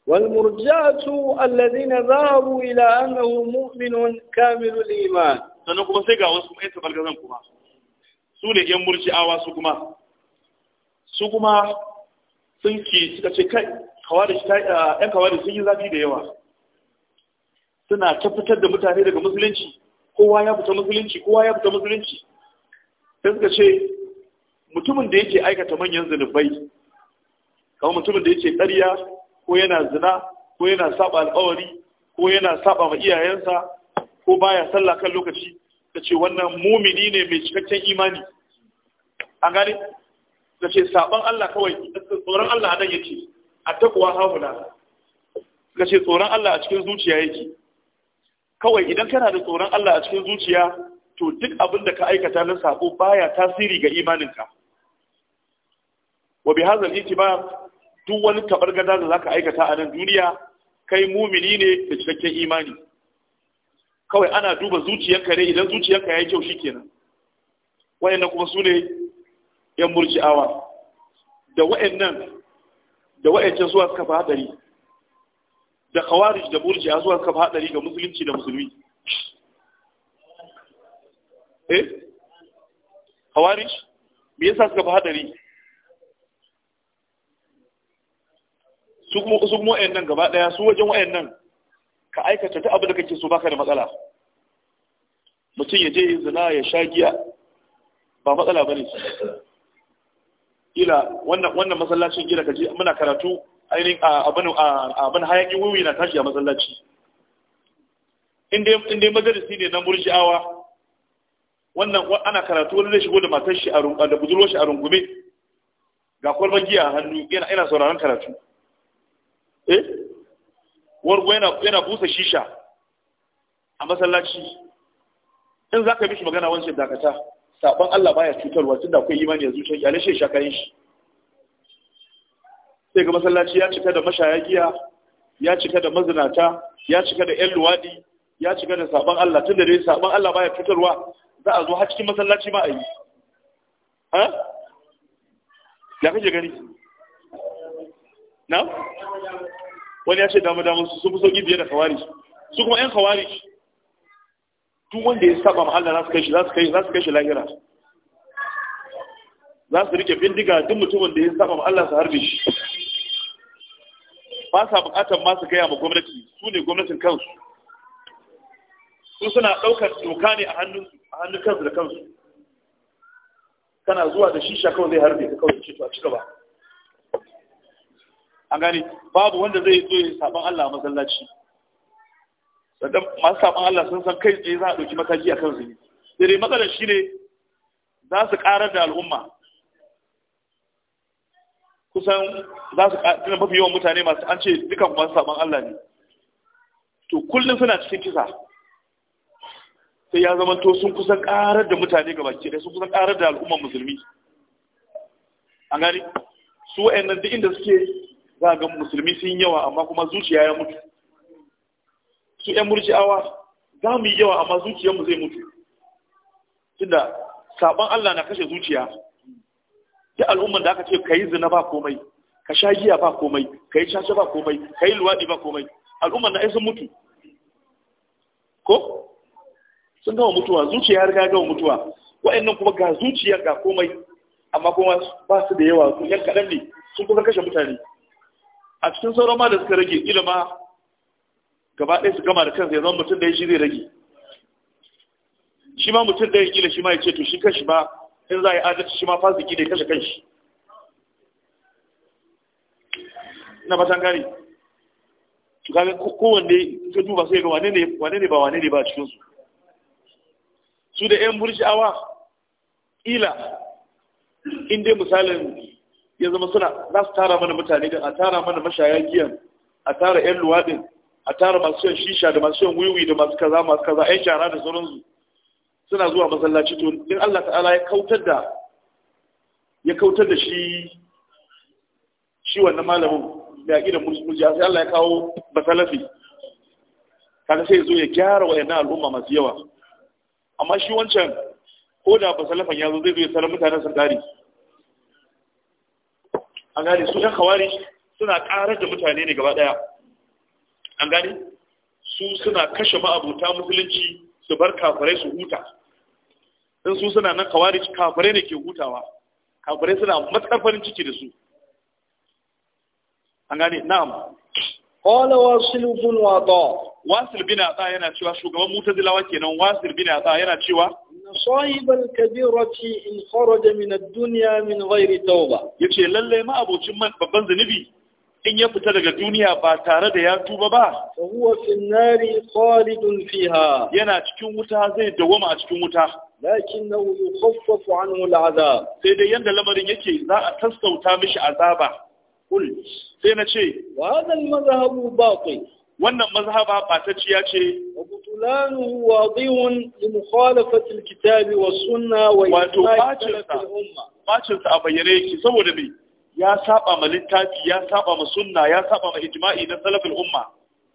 والمرجعه alladhina ذهبوا ila annahu mu'minun kamilul iman sannan kuma sai ga wasu mai tabargazan kuma su ne yan murji'awa su kuma su kuma sun ki suka ce kai yan kawari sun yi zafi da yawa suna ta fitar da mutane daga musulunci kowa ya fita musulunci kowa ya fita musulunci sai suka ce mutumin da yake aikata manyan zunubai kamar mutumin da yake ƙarya ko yana zina ko yana saba alƙawari ko yana saba ma iyayensa ko baya sallah kan lokaci ta ce wannan mumini ne mai cikakken imani an gane ta ce saban Allah kawai tsoron Allah nan yake a takwa hauna ka tsoron Allah a cikin zuciya yake kawai idan kana da tsoron Allah a cikin zuciya to duk abin da ka aikata na sabo baya tasiri ga imaninka wa bi hazal itibar duk wani tabar gada da zaka aikata a nan duniya kai mumini ne da cikakken imani kawai ana duba zuciyarka ne idan zuciyarka yayi kyau shikenan wayannan kuma su ne yan murji'awa da nan da wa'ancan suwa suka fi haɗari, da kawarij da murji'a suwa suka fi ga musulunci da musulmi eh kawarij me yasa suka fi haɗari. su kuma su nan gaba ɗaya, su wajen nan ka aikata ta abu da kake so baka da matsala mutum ya je zina ya sha giya ba matsala ba ne. kila wannan wannan masallacin kila kaje muna karatu ainin abin abin hayakin wuwi na tashi a masallaci Inda inda in majalisi ne na murji'awa wannan ana karatu wani zai shigo da matar shi a da budurwar shi a rungume ga kwalban giya a hannu yana ina sauraron karatu eh wargo yana yana busa shisha a masallaci in zaka mishi magana wancan dakata sabon Allah baya cutarwa da akwai imani a zuciya ya lashe shakarin shi sai ga masallaci ya cika da mashaya giya ya cika da mazinata ya cika da yan luwaɗi, ya cika da sabon Allah tun da dai sabon Allah baya cutarwa za a zo har cikin masallaci ma a yi ha ya kake gani na wani ya ce damu damu su fi sauƙi biye da kawari su kuma ƴan kawari duk wanda ya saba ma Allah za su kai shi za su kai za su kai shi lahira za su rike bindiga duk mutumin da ya saba ma Allah su harbe shi ba sa bukatar ma su gaya ma gwamnati su ne gwamnatin kansu su suna ɗaukar doka ne a hannun kansu da kansu kana zuwa da shisha kawai zai harbe ka kawai ce to a ci gaba an gane babu wanda zai zo ya saban Allah a masallaci sannan masu sabon Allah sun san kai tsaye za a ɗauki mataki a kan zini Dere matsalar shi ne za su ƙarar da al'umma kusan za su ƙarar mafi yawan mutane masu an ce dukan masu sabon Allah ne to kullum suna cikin kisa sai ya zama to sun kusan ƙarar da mutane ga baki sun kusan ƙarar da al'umman musulmi an gani su wa'annan duk inda suke za a ga musulmi sun yawa amma kuma zuciya ya mutu su ‘yan murji'awa za mu yi yawa amma zuciyarmu zai mutu tunda sabon Allah na kashe zuciya da al'umman da aka ce ka yi zina ba komai ka sha giya ba komai ka yi caca ba komai ka yi luwaɗi ba komai al'umman na sun mutu ko sun gama mutuwa zuciya ya gama mutuwa wa'annan kuma ga zuciya ga komai amma kuma ba su da yawa su yan kaɗan ne sun kuma kashe mutane a cikin sauran ma da suka rage ilima gaba ɗaya su gama da kansa ya zama mutum ɗaya shi zai rage shi ma mutum ɗaya kila shi ma ya ce to shi kashi ba in za a yi adalci shi ma fasiki ya kashe kanshi na fatan gari to kaga kowanne ka duba sai ga wane ne ne ba wane ne ba cikin su su da yan burjiawa ila in dai misalin ya zama suna za su tara mana mutane a tara mana mashaya giyan a tara yan luwaɗin a tara masu yin shisha da masu yin wiwi da masu kaza masu kaza ai shara da sauransu suna zuwa masallaci to in Allah ta'ala ya kautar da ya kautar da shi shi wannan malamin da ya gidan murjiya sai Allah ya kawo basalafi kaga sai zo ya gyara wa wayannan al'umma masu yawa amma shi wancan ko da basalafan ya zo zai zo ya sarar mutanen sun dare an gane su ɗan kawari suna ƙarar da mutane ne gaba ɗaya an gane su suna kashe ma'abuta musulunci su bar kafirai su huta in su suna nan kawari kafirai ne ke hutawa kafirai suna matsar farin ciki da su an gane na'am qala wasil bin wada wasil bin ata yana cewa shugaban mutazilawa kenan wasil bin ata yana cewa sahibal kabirati in kharaja min ad-dunya min ghairi tauba yace lalle ma abocin man babban zanubi in ya fita daga duniya ba tare da ya tuba ba huwa fin nari khalidun fiha yana cikin wuta zai dawama a cikin wuta lakinnahu yukhaffafu anhu al'azab sai dai yanda lamarin yake za a tassauta mishi azaba kul sai na ce wa hadha al-madhhabu batil wannan mazhaba batacciya ce wa wadihun li mukhalafati al-kitabi was-sunnah wa wato bacin umma. bacin sa a bayyane yake saboda me ya saba ma littafi ya saba ma sunna ya saba ma ijma'i na salafin umma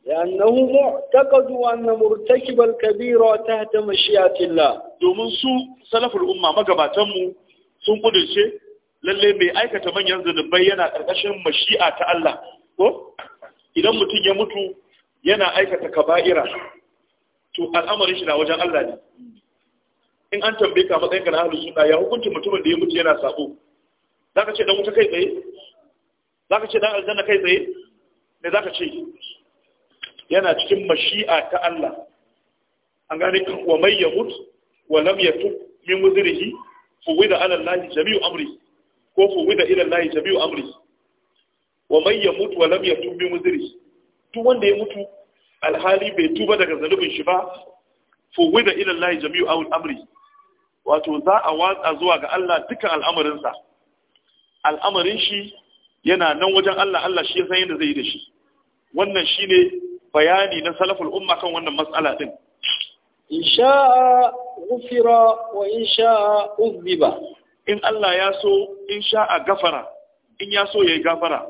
لأنه معتقد أن مرتكب الكبيرة تحت مشيئة الله domin su salafin umma magabatan mu sun kudurce lalle mai aikata manyan zunubai yana karkashin mashi'a ta Allah ko idan mutum ya mutu yana aikata kaba'ira to al'amarin shi na wajen Allah ne in an tambaye ka matsayin na ahlus sunna ya hukunta mutumin da ya mutu yana sabo za ka ce dan wuta kai tsaye za ka ce dan aljanna kai tsaye me za ka ce yana cikin mashi'a ta Allah an gane wa mai yamut wa lam yatub min wuzrihi fuwida ala Allah jami'u amri ko fuwida ila Allah jami'u amri wa mai yamut wa lam yatub min wuzrihi duk wanda ya mutu alhali bai tuba daga zanubin shi ba fuwida ila Allah jami'u amri wato za a watsa zuwa ga Allah dukkan al'amarinsa al'amarin shi yana nan wajen Allah Allah shi ya san yadda zai yi da shi wannan shine bayani na salaful umma kan wannan matsala din in sha'a ghufira wa in sha'a uzziba in Allah ya so in sha'a gafara in ya so yayi gafara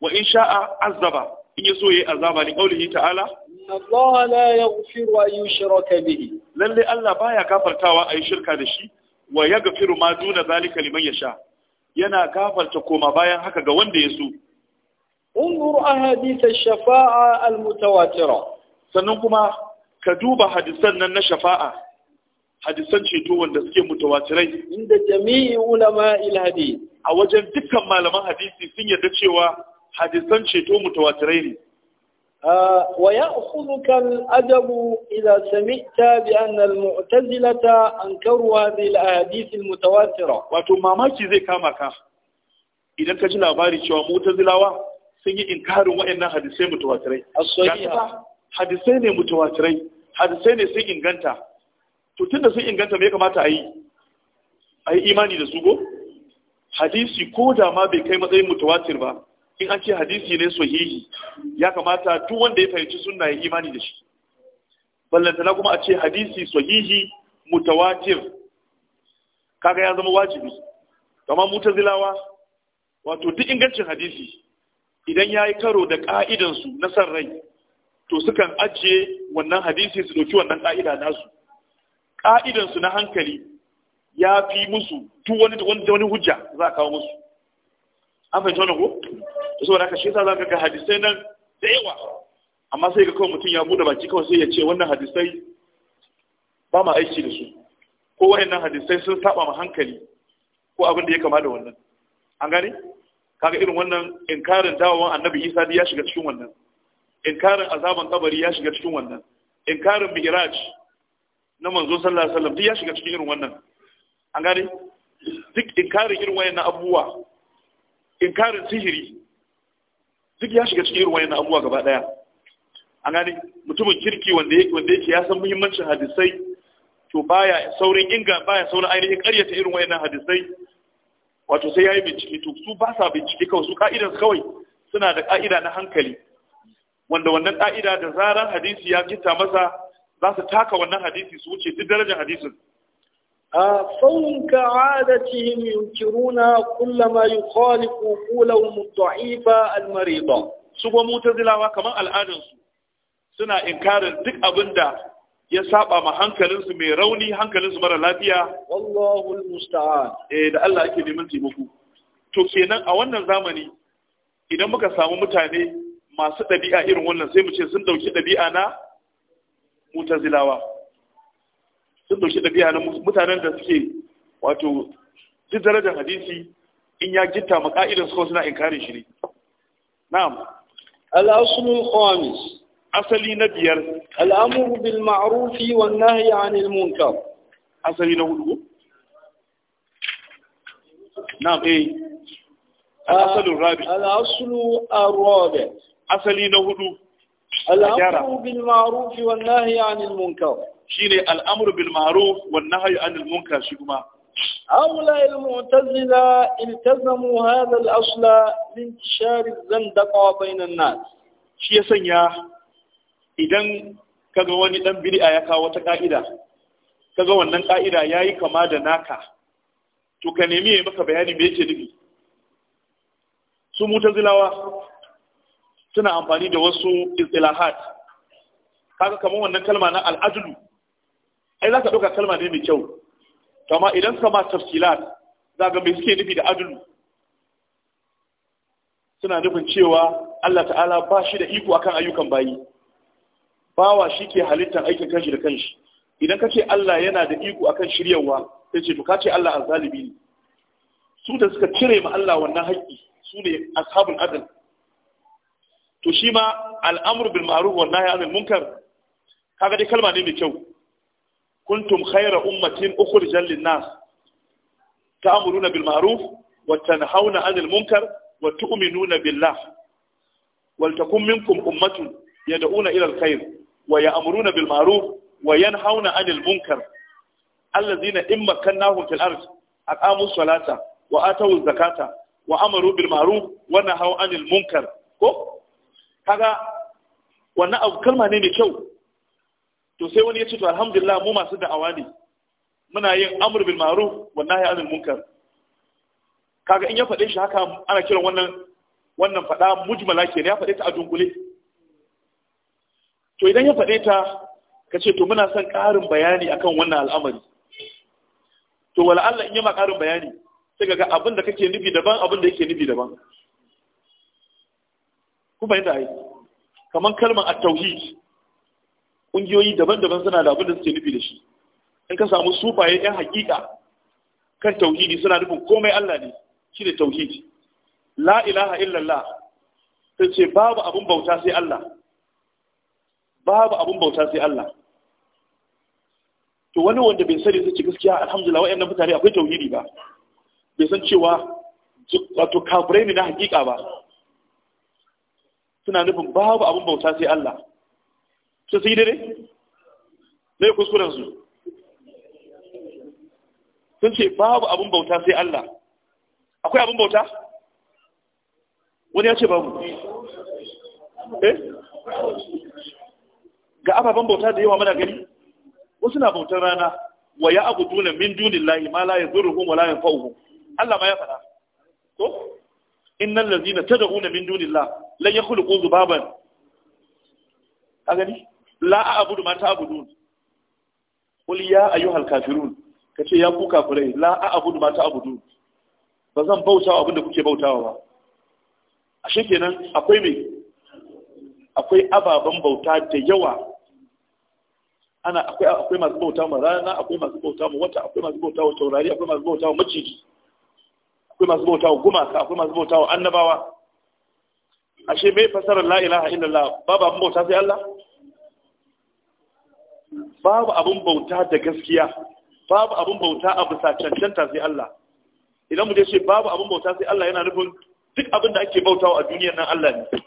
wa in sha'a azaba in ya so yayi azaba ni qaulihi ta'ala Allah la yaghfiru an yushraka bihi lalle Allah baya gafartawa ayi shirka da shi wa yaghfiru ma duna zalika liman yasha' yana kafarta koma bayan haka ga wanda ya so unzur ahadith ash-shafa'a al-mutawatira sannan kuma ka duba hadisan nan na shafa'a hadisan ceto wanda suke mutawatirai inda jami'i ulama al a wajen dukkan malaman hadisi sun yarda cewa hadisan ceto mutawatirai ne ويأخذك الأدب إذا سمعت بأن المعتزلة أنكروا هذه الأحاديث المتواترة شيء زي كامك إذا كجل باري شوى معتزلة سيء إنكار وإن حديثين متواترين الصحيحة حديثين متواترين حديثين سيء إنغانتا تتنى سيء إنغانتا ميكا ما تأيي أي إيماني لسوغو حديثي كودا ما ma bai kai matsayin in an ce hadisi ne sahihi ya kamata duk wanda ya fahimci suna ya imani da shi ballantana kuma a ce hadisi sahihi mutawatir kaga ya zama wajibi kamar mutazilawa wato duk ingancin hadisi idan ya yi karo da ka'idansu na san rai to sukan ajiye wannan hadisi su ɗauki wannan ka'ida nasu ka'idansu na hankali ya fi musu duk wani wani hujja za a kawo musu an fahimci wannan ko to saboda haka shi yasa zaka ga hadisai nan da yawa amma sai ga kawai mutum ya bude baki kawai sai ya ce wannan hadisai ba ma aiki da su ko wayannan hadisai sun saba ma hankali ko abin da ya kama da wannan an gane kaga irin wannan inkarin dawowan annabi isa ya shiga cikin wannan inkarin azaban kabari ya shiga cikin wannan inkarin mi'raj na manzo sallallahu alaihi wasallam duk ya shiga cikin irin wannan an gane duk inkarin irin wayannan abubuwa inkarin sihiri duk ya shiga cikin irin na abubuwa gaba daya an gani mutumin kirki wanda yake wanda yake ya san muhimmancin hadisai to baya saurin inga baya saurin ainihin karyata irin wayannan hadisai wato sai yayi bincike to su ba sa bincike kawai su kawai suna da ka'ida na hankali wanda wannan ka'ida da zaran hadisi ya kitta masa za su taka wannan hadisi su wuce duk darajar hadisin a tsawon ka adace mai kiruna kula ma yi kwali ko kula wa mutu ba su ba mutu zilawa kamar al'adarsu suna in duk abin da ya saba ma hankalinsu mai rauni hankalinsu mara lafiya wallahul musta'a da Allah ake neman taimako to kenan a wannan zamani idan muka samu mutane masu ɗabi'a irin wannan sai mu ce sun ɗauki ɗabi'a na mutazilawa sun ɗauki ɗabi'a na mutanen da suke wato duk darajar hadisi in ya gitta ma ka'idar su suna inkarin shi ne na'am al khamis asali na biyar al bil ma'ruf wa an-nahyi 'anil munkar asali na hudu na'am eh al-aslul rabi al-aslul rabi asali na hudu al bil ma'ruf wa an 'anil munkar shine al'amru bil ma'ruf wan nahyu anil munkar shi kuma هؤلاء المعتزلة التزموا هذا الأصل لانتشار الزندقة بين nan. shi ya sanya idan kaga wani dan bid'a ya kawo wata ka'ida kaga wannan ka'ida yayi kama da naka to ka nemi yayi maka bayani me yake nufi su mutazilawa suna amfani da wasu istilahat kaga kamar wannan kalma na al'adlu ai za ka ɗauka kalma ne mai kyau to amma idan suka ma tafsilat za ga mai suke nufi da adulu suna nufin cewa Allah ta'ala ba shi da iko akan ayyukan bayi bawa shi ke halittar aikin kanshi da kanshi idan ka ce Allah yana da iko akan shiryawa sai ce to ka ce Allah azzalibi ne su da suka cire ma Allah wannan haƙƙi su ne ashabul adl to shi ma al'amru bil ma'ruf wa nahy anil munkar kaga dai kalma ne mai kyau كنتم خير أمة أخرجا للناس تأمرون بالمعروف وتنهون عن المنكر وتؤمنون بالله ولتكن منكم أمة يدعون إلى الخير ويأمرون بالمعروف وينهون عن المنكر الذين إما كناهم في الأرض أقاموا الصلاة وآتوا الزكاة وأمروا بالمعروف ونهوا عن المنكر هذا ونأو كلمة نيني شو to sai wani ya ce to alhamdulillah mu masu da'awa ne muna yin amr bil ma'ruf wa nahy anil munkar kaga in ya faɗe shi haka ana kiran wannan wannan faɗa mujmala ke ya faɗe ta a dunkule to idan ya faɗe ta ka ce to muna son ƙarin bayani akan wannan al'amari to wala Allah in yi ma ƙarin bayani sai ga abin da kake nufi daban abin da yake nufi daban kuma yadda ai kaman kalmar at-tauhid ƙungiyoyi daban-daban suna da abin da suke nufi da shi in ka samu sufaye yan hakika kan tauhidi suna nufin komai Allah ne shi ne tauhidi la ilaha illallah ta ce babu abin bauta sai Allah babu abin bauta sai Allah to wani wanda bai sani zai ce gaskiya alhamdulillah wayannan mutane akwai tauhidi ba bai san cewa wato kafirai ne na hakika ba suna nufin babu abin bauta sai Allah su sun yi daidai ne kuskuren sun ce babu abin bauta sai Allah akwai abin bauta wani ya ce babu eh ga ababen bauta da yawa mana gani wasu na bautar rana wa ya abu duna min dunin lahi ma la ya zurruhum wa la ya Allah ma ya faɗa ko innal ta tad'una min dunillah lan hulukun zubaban a gani la a'budu ma abudu kul ya ayyuhal kafirun kace ya ku kafirai la a'budu ma ta'budun ba zan bautawa abin da kuke bautawa ba ashe kenan akwai me akwai ababen bauta da yawa ana akwai akwai masu bauta ma rana akwai masu bauta ma wata akwai masu bauta wa taurari akwai masu bauta wa maciji akwai masu bauta wa gumaka akwai masu bauta wa annabawa ashe me fasarar la ilaha illallah babu bauta sai Allah babu abin bauta da gaskiya babu abin bauta a bisa cancanta sai Allah idan mu ce babu abin bauta sai Allah yana nufin duk abin da ake bautawa a duniyar nan Allah ne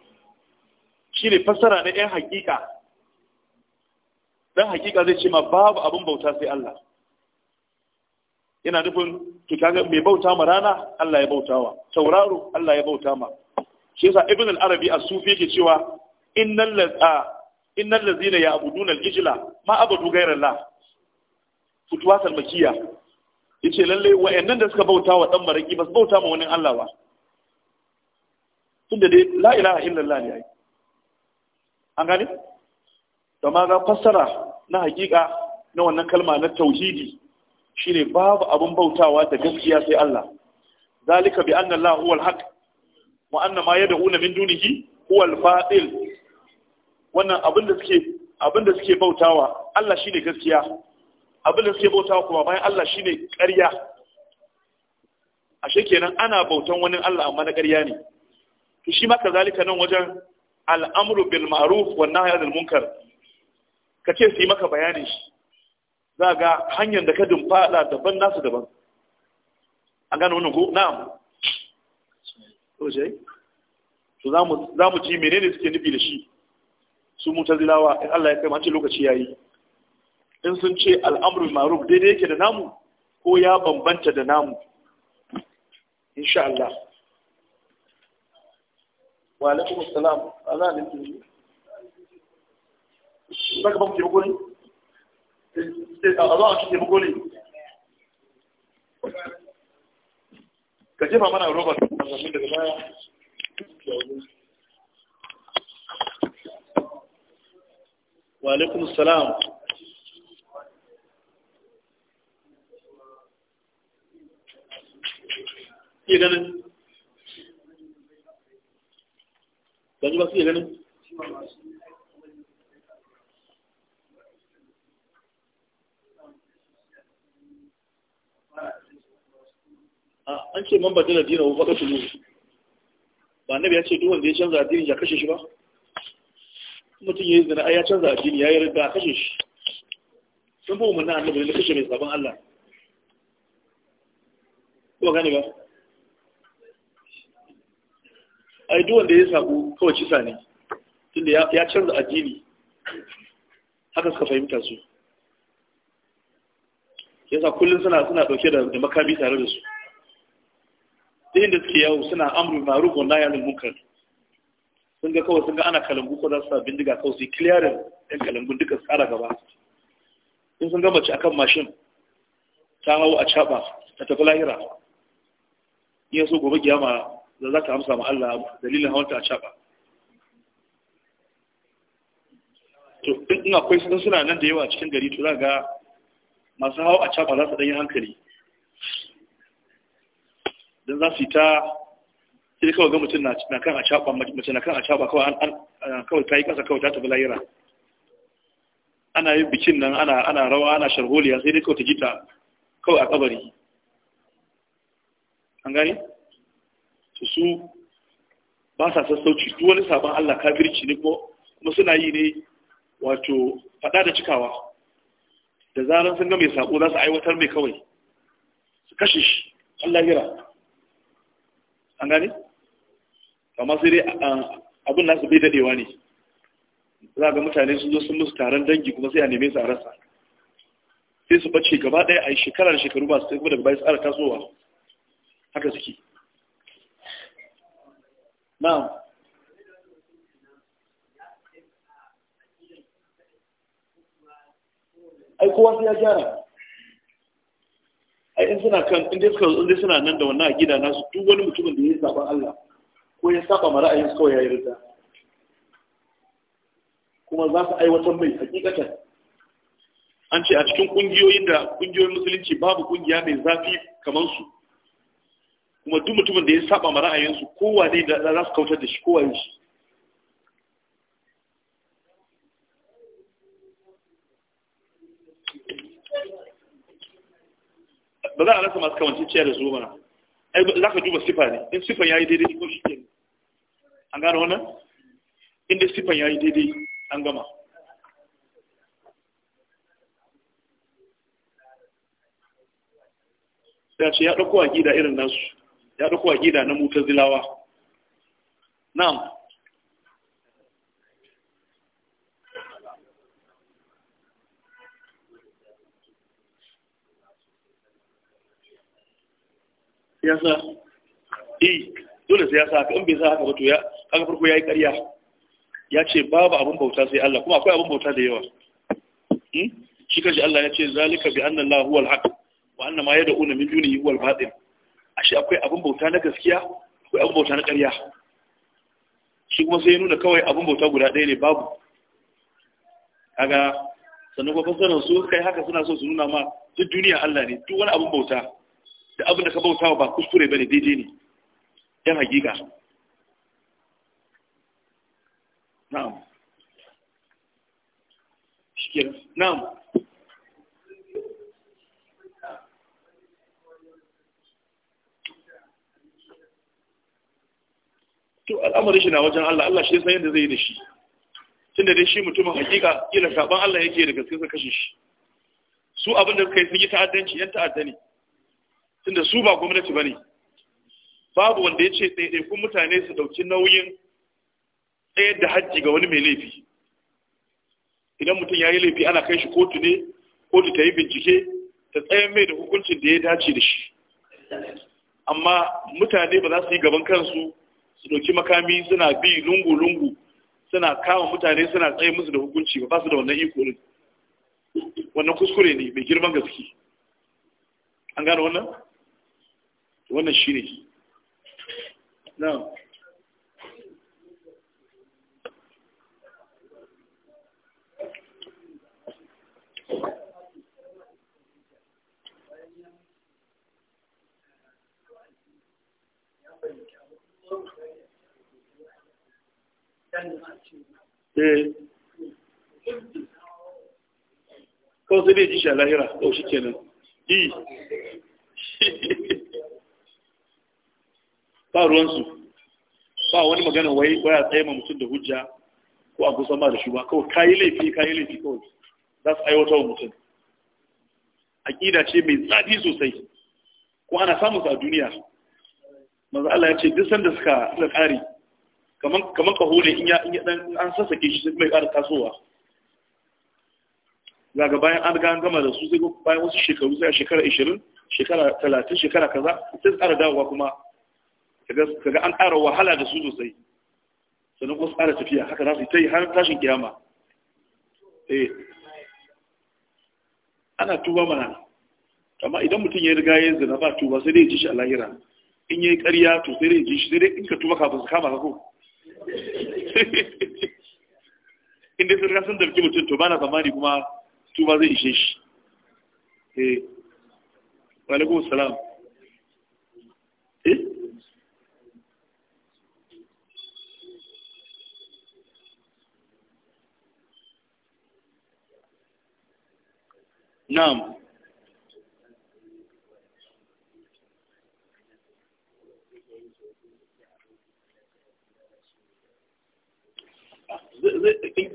shi ne fassara na ɗan hakika ɗan hakika zai ce ma babu abin bauta sai Allah yana nufin to kaga mai bauta ma rana Allah ya bautawa tauraro Allah ya bauta ma shi yasa ibn al-arabi as-sufi yake cewa innal ladha innal ladhina ya'buduna al-ijla ma abadu ghayra Allah futuwat al yace lalle wayannan da suka bauta wa dan maraki bas su bauta ma wani Allah ba tunda dai la ilaha illallah ne ai an gane to ma ga fassara na hakika na wannan kalma na tauhidi shine babu abun bautawa da gaskiya sai Allah zalika bi anna Allah huwa al-haq wa anna ma yad'una min dunihi huwa al-batil wannan abin da suke suke bautawa Allah shine gaskiya abin da suke bautawa kuma bayan Allah shine ƙarya ashe kenan ana bautan wani Allah amma na ƙarya ne to shi ma kazalika nan wajen al'amru bil ma'ruf wan nahyi anil munkar kace su yi maka bayani shi za ga hanyar da ka dumfada daban nasu daban an gane wannan ko na'am to sai to za mu ji menene suke nufi da shi su mutazilawa in Allah ya kai mace lokaci yi. in sun ce al’amurin ma'ruf daidai yake da namu ko ya bambanta da namu insha Allah wa alaikum assalam ala alaikum baka ba mu taimako ne eh, a zo a ke taimako ne ka jefa mana robar da daga baya wa alaikum salam iya ganin gaji ba su iya ganin an ce man badala dina wa baka tulu ba annabi ya ce duk wanda ya canza addini ya kashe shi ba mutum ya yi zina ya canza addini ya yi ridda a kashe shi sun fi umarnin annabi da kashe mai sabon Allah ko gani ba a yi duwanda ya sabu kawai cisa ne tunda ya canza addini haka suka fahimta su yasa kullum suna suna dauke da makami tare da su duk da suke yawo suna amurin Maruwa wa yanin munkar sun ga kawai sun ga ana kalangu ko za su sa bindiga kawai sai kiliyarin ɗan ɗin kalangun duka su ƙara gaba Sun sun ga mace kan mashin ta hau a caɓa ta tafi lahira iya so gobe kiyama da za ta amsa ma Allah dalilin ta a caɓa to in akwai sun suna nan da yawa cikin gari to za ga masu hau a caɓa za su ɗanyi hankali don za su yi ta sai kawai ga mutum na kan a caɓa mace na kan a caɓa kawai ta yi ƙasa kawai ta tafi layira ana yin bikin nan ana rawa ana sharholiya sai dai kawai ta jita kawai a kabari an gani su su ba sa sassauci duk wani sabon Allah kafirci ne kuma suna yi ne wato faɗa da cikawa da zaran sun ga mai sako za su aiwatar mai kawai su kashe shi an gani kamar sai dai abin nasu bai dadewa ne za ga mutane su zo sun musu taron dangi kuma sai a neme su a rasa sai su bace gaba ɗaya a yi da shekaru ba su sai kuma daga bayan tsara tasowa haka suke na'am ai kowa sai ya gyara ai in suna kan in dai suna nan da wannan a gida nasu duk wani mutumin da ya yi Allah ko ya saba ma ra'ayin su kawai ya yi kuma za su aiwatar mai hakikatar an ce a cikin kungiyoyin da kungiyoyin musulunci babu kungiya mai zafi kamar su kuma duk mutumin da ya saba ma ra'ayin su kowa ne da za su kautar da shi kowa yin shi ba za a rasa masu kawance ciyar da zuwa ai za ka duba sifa ne in sifan ya yi daidai ko shi ke an gano wannan inda sifan ya yi daidai an gama ya ce ya ɗauko a gida irin nasu ya ɗauko a gida na mutar zilawa na'am siyasa eh dole siyasa ka in bai sa haka ba to ya kaga farko yi ƙarya ya ce babu abin bauta sai Allah kuma akwai abin bauta da yawa hmm? shi kashi Allah ya ce zalika bi annan Allah huwal haq wa anna ma yad'una min dunihi huwal batil ashe akwai abin bauta na gaskiya akwai abin bauta na ƙarya shi kuma sai ya nuna kawai abin bauta guda ɗaya ne babu kaga sannan kuma fasaran su kai haka suna so su nuna ma duk duniya Allah ne duk wani abin bauta da abin da ka bauta ba kuskure bane daidai ne yan hakika na'am shikenan na'am to al'amari shi na wajen Allah Allah shi san yadda zai yi da shi tunda dai shi mutumin hakika kila saban Allah yake da gaske sa kashe shi su abin da kai sun yi ta'addanci yan ta'adda ne tunda su ba gwamnati bane babu wanda ya ce kun mutane su dauki nauyin tsayar da hajji ga wani mai laifi idan mutum ya yi laifi ana kai shi kotu ne kotu ta yi bincike ta tsayar mai da hukuncin da ya dace da shi amma mutane ba za su yi gaban kansu su ɗauki makami suna bi lungu-lungu suna kama mutane suna tsaye musu da hukunci ba su da wannan iko ne wannan kuskure ne mai girman gaske an gane wannan wannan shi ne na eh kawai sai dai ji shi a lahira kawai shi kenan yi ba ruwansu ba wani magana waya tsaye ma mutum da hujja ko a da shi ba kawai kayi laifi kayi aiwata wa mutum aƙida ce mai tsadi sosai samun su a duniya Allah duk sanda suka kamar kaman kaho ne in ya dan an sassake shi sai mai ƙara tasowa ga bayan an ga an gama da su sai bayan wasu shekaru sai a shekara 20 shekara 30 shekara kaza sai su ƙara dawowa kuma kaga an ƙara wahala da su sosai sannan kuma su ƙara tafiya haka za su yi ta yi har tashin kiyama eh ana tuba mana amma idan mutum ya riga ya zina ba tuba sai dai ji shi a lahira in yi ƙarya to sai dai ji shi sai dai in ka tuba kafin su kama ka ko inda sun riga dalki mutum to ba na zamani kuma su ba zai ishe shi eh walaikun salam eh na'am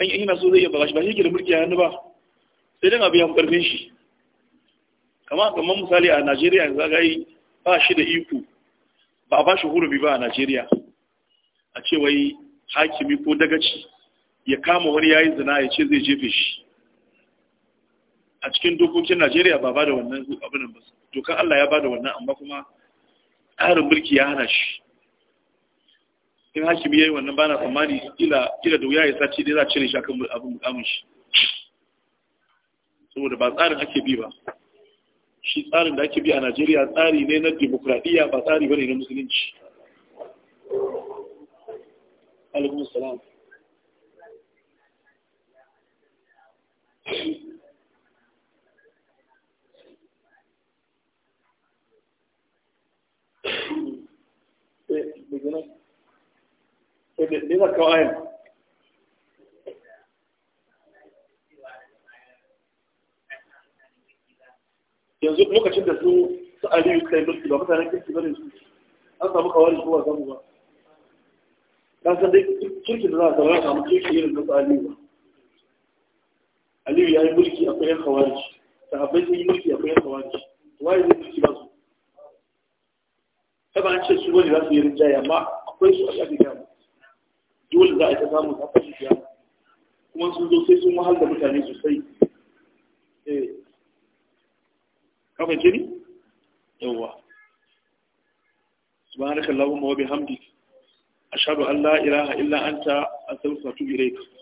yana so zai iya ba shi ba shi ke da mulki a hannu ba sai dan abu ya fi karfin shi kama kamar misali a Najeriya yanzu aka yi ba shi da iko ba a ba shi hurubi ba a Najeriya a ce wai hakimi ko dagaci ya kama wani yayin zina ya ce zai jefe shi a cikin dokokin Najeriya ba ba da wannan abin ba dokan Allah ya ba da wannan amma kuma tsarin mulki ya hana shi in hashimi yayi wannan bana tsammani kila kila da wuya ya sace dai za a cire shi akan abin mukamin shi saboda ba tsarin ake bi ba shi tsarin da ake bi a Najeriya tsari ne na demokradiyya ba tsari bane na musulunci alaikum salam Thank eh, you. ne za yanzu lokacin da su su aliyu kai mulki ba mutanen kirki bane su an samu kawai su ba samu ba kan san dai kirki da za a samu ya samu kirki irin na su aliyu ba aliyu ya yi mulki akwai yan kawai sahabbai sun yi mulki akwai yan kawai waye zai mulki ba su ta ba an ce su wani za su yi rinjaye amma akwai su a shafi gama dole za a ta samun ta kuma sun zo sai sun wahal da mutane sosai eh. kafa jini yawwa subhanakallahumma wa bihamdika ashhadu an la ilaha illa anta astaghfiruka wa atubu ilayk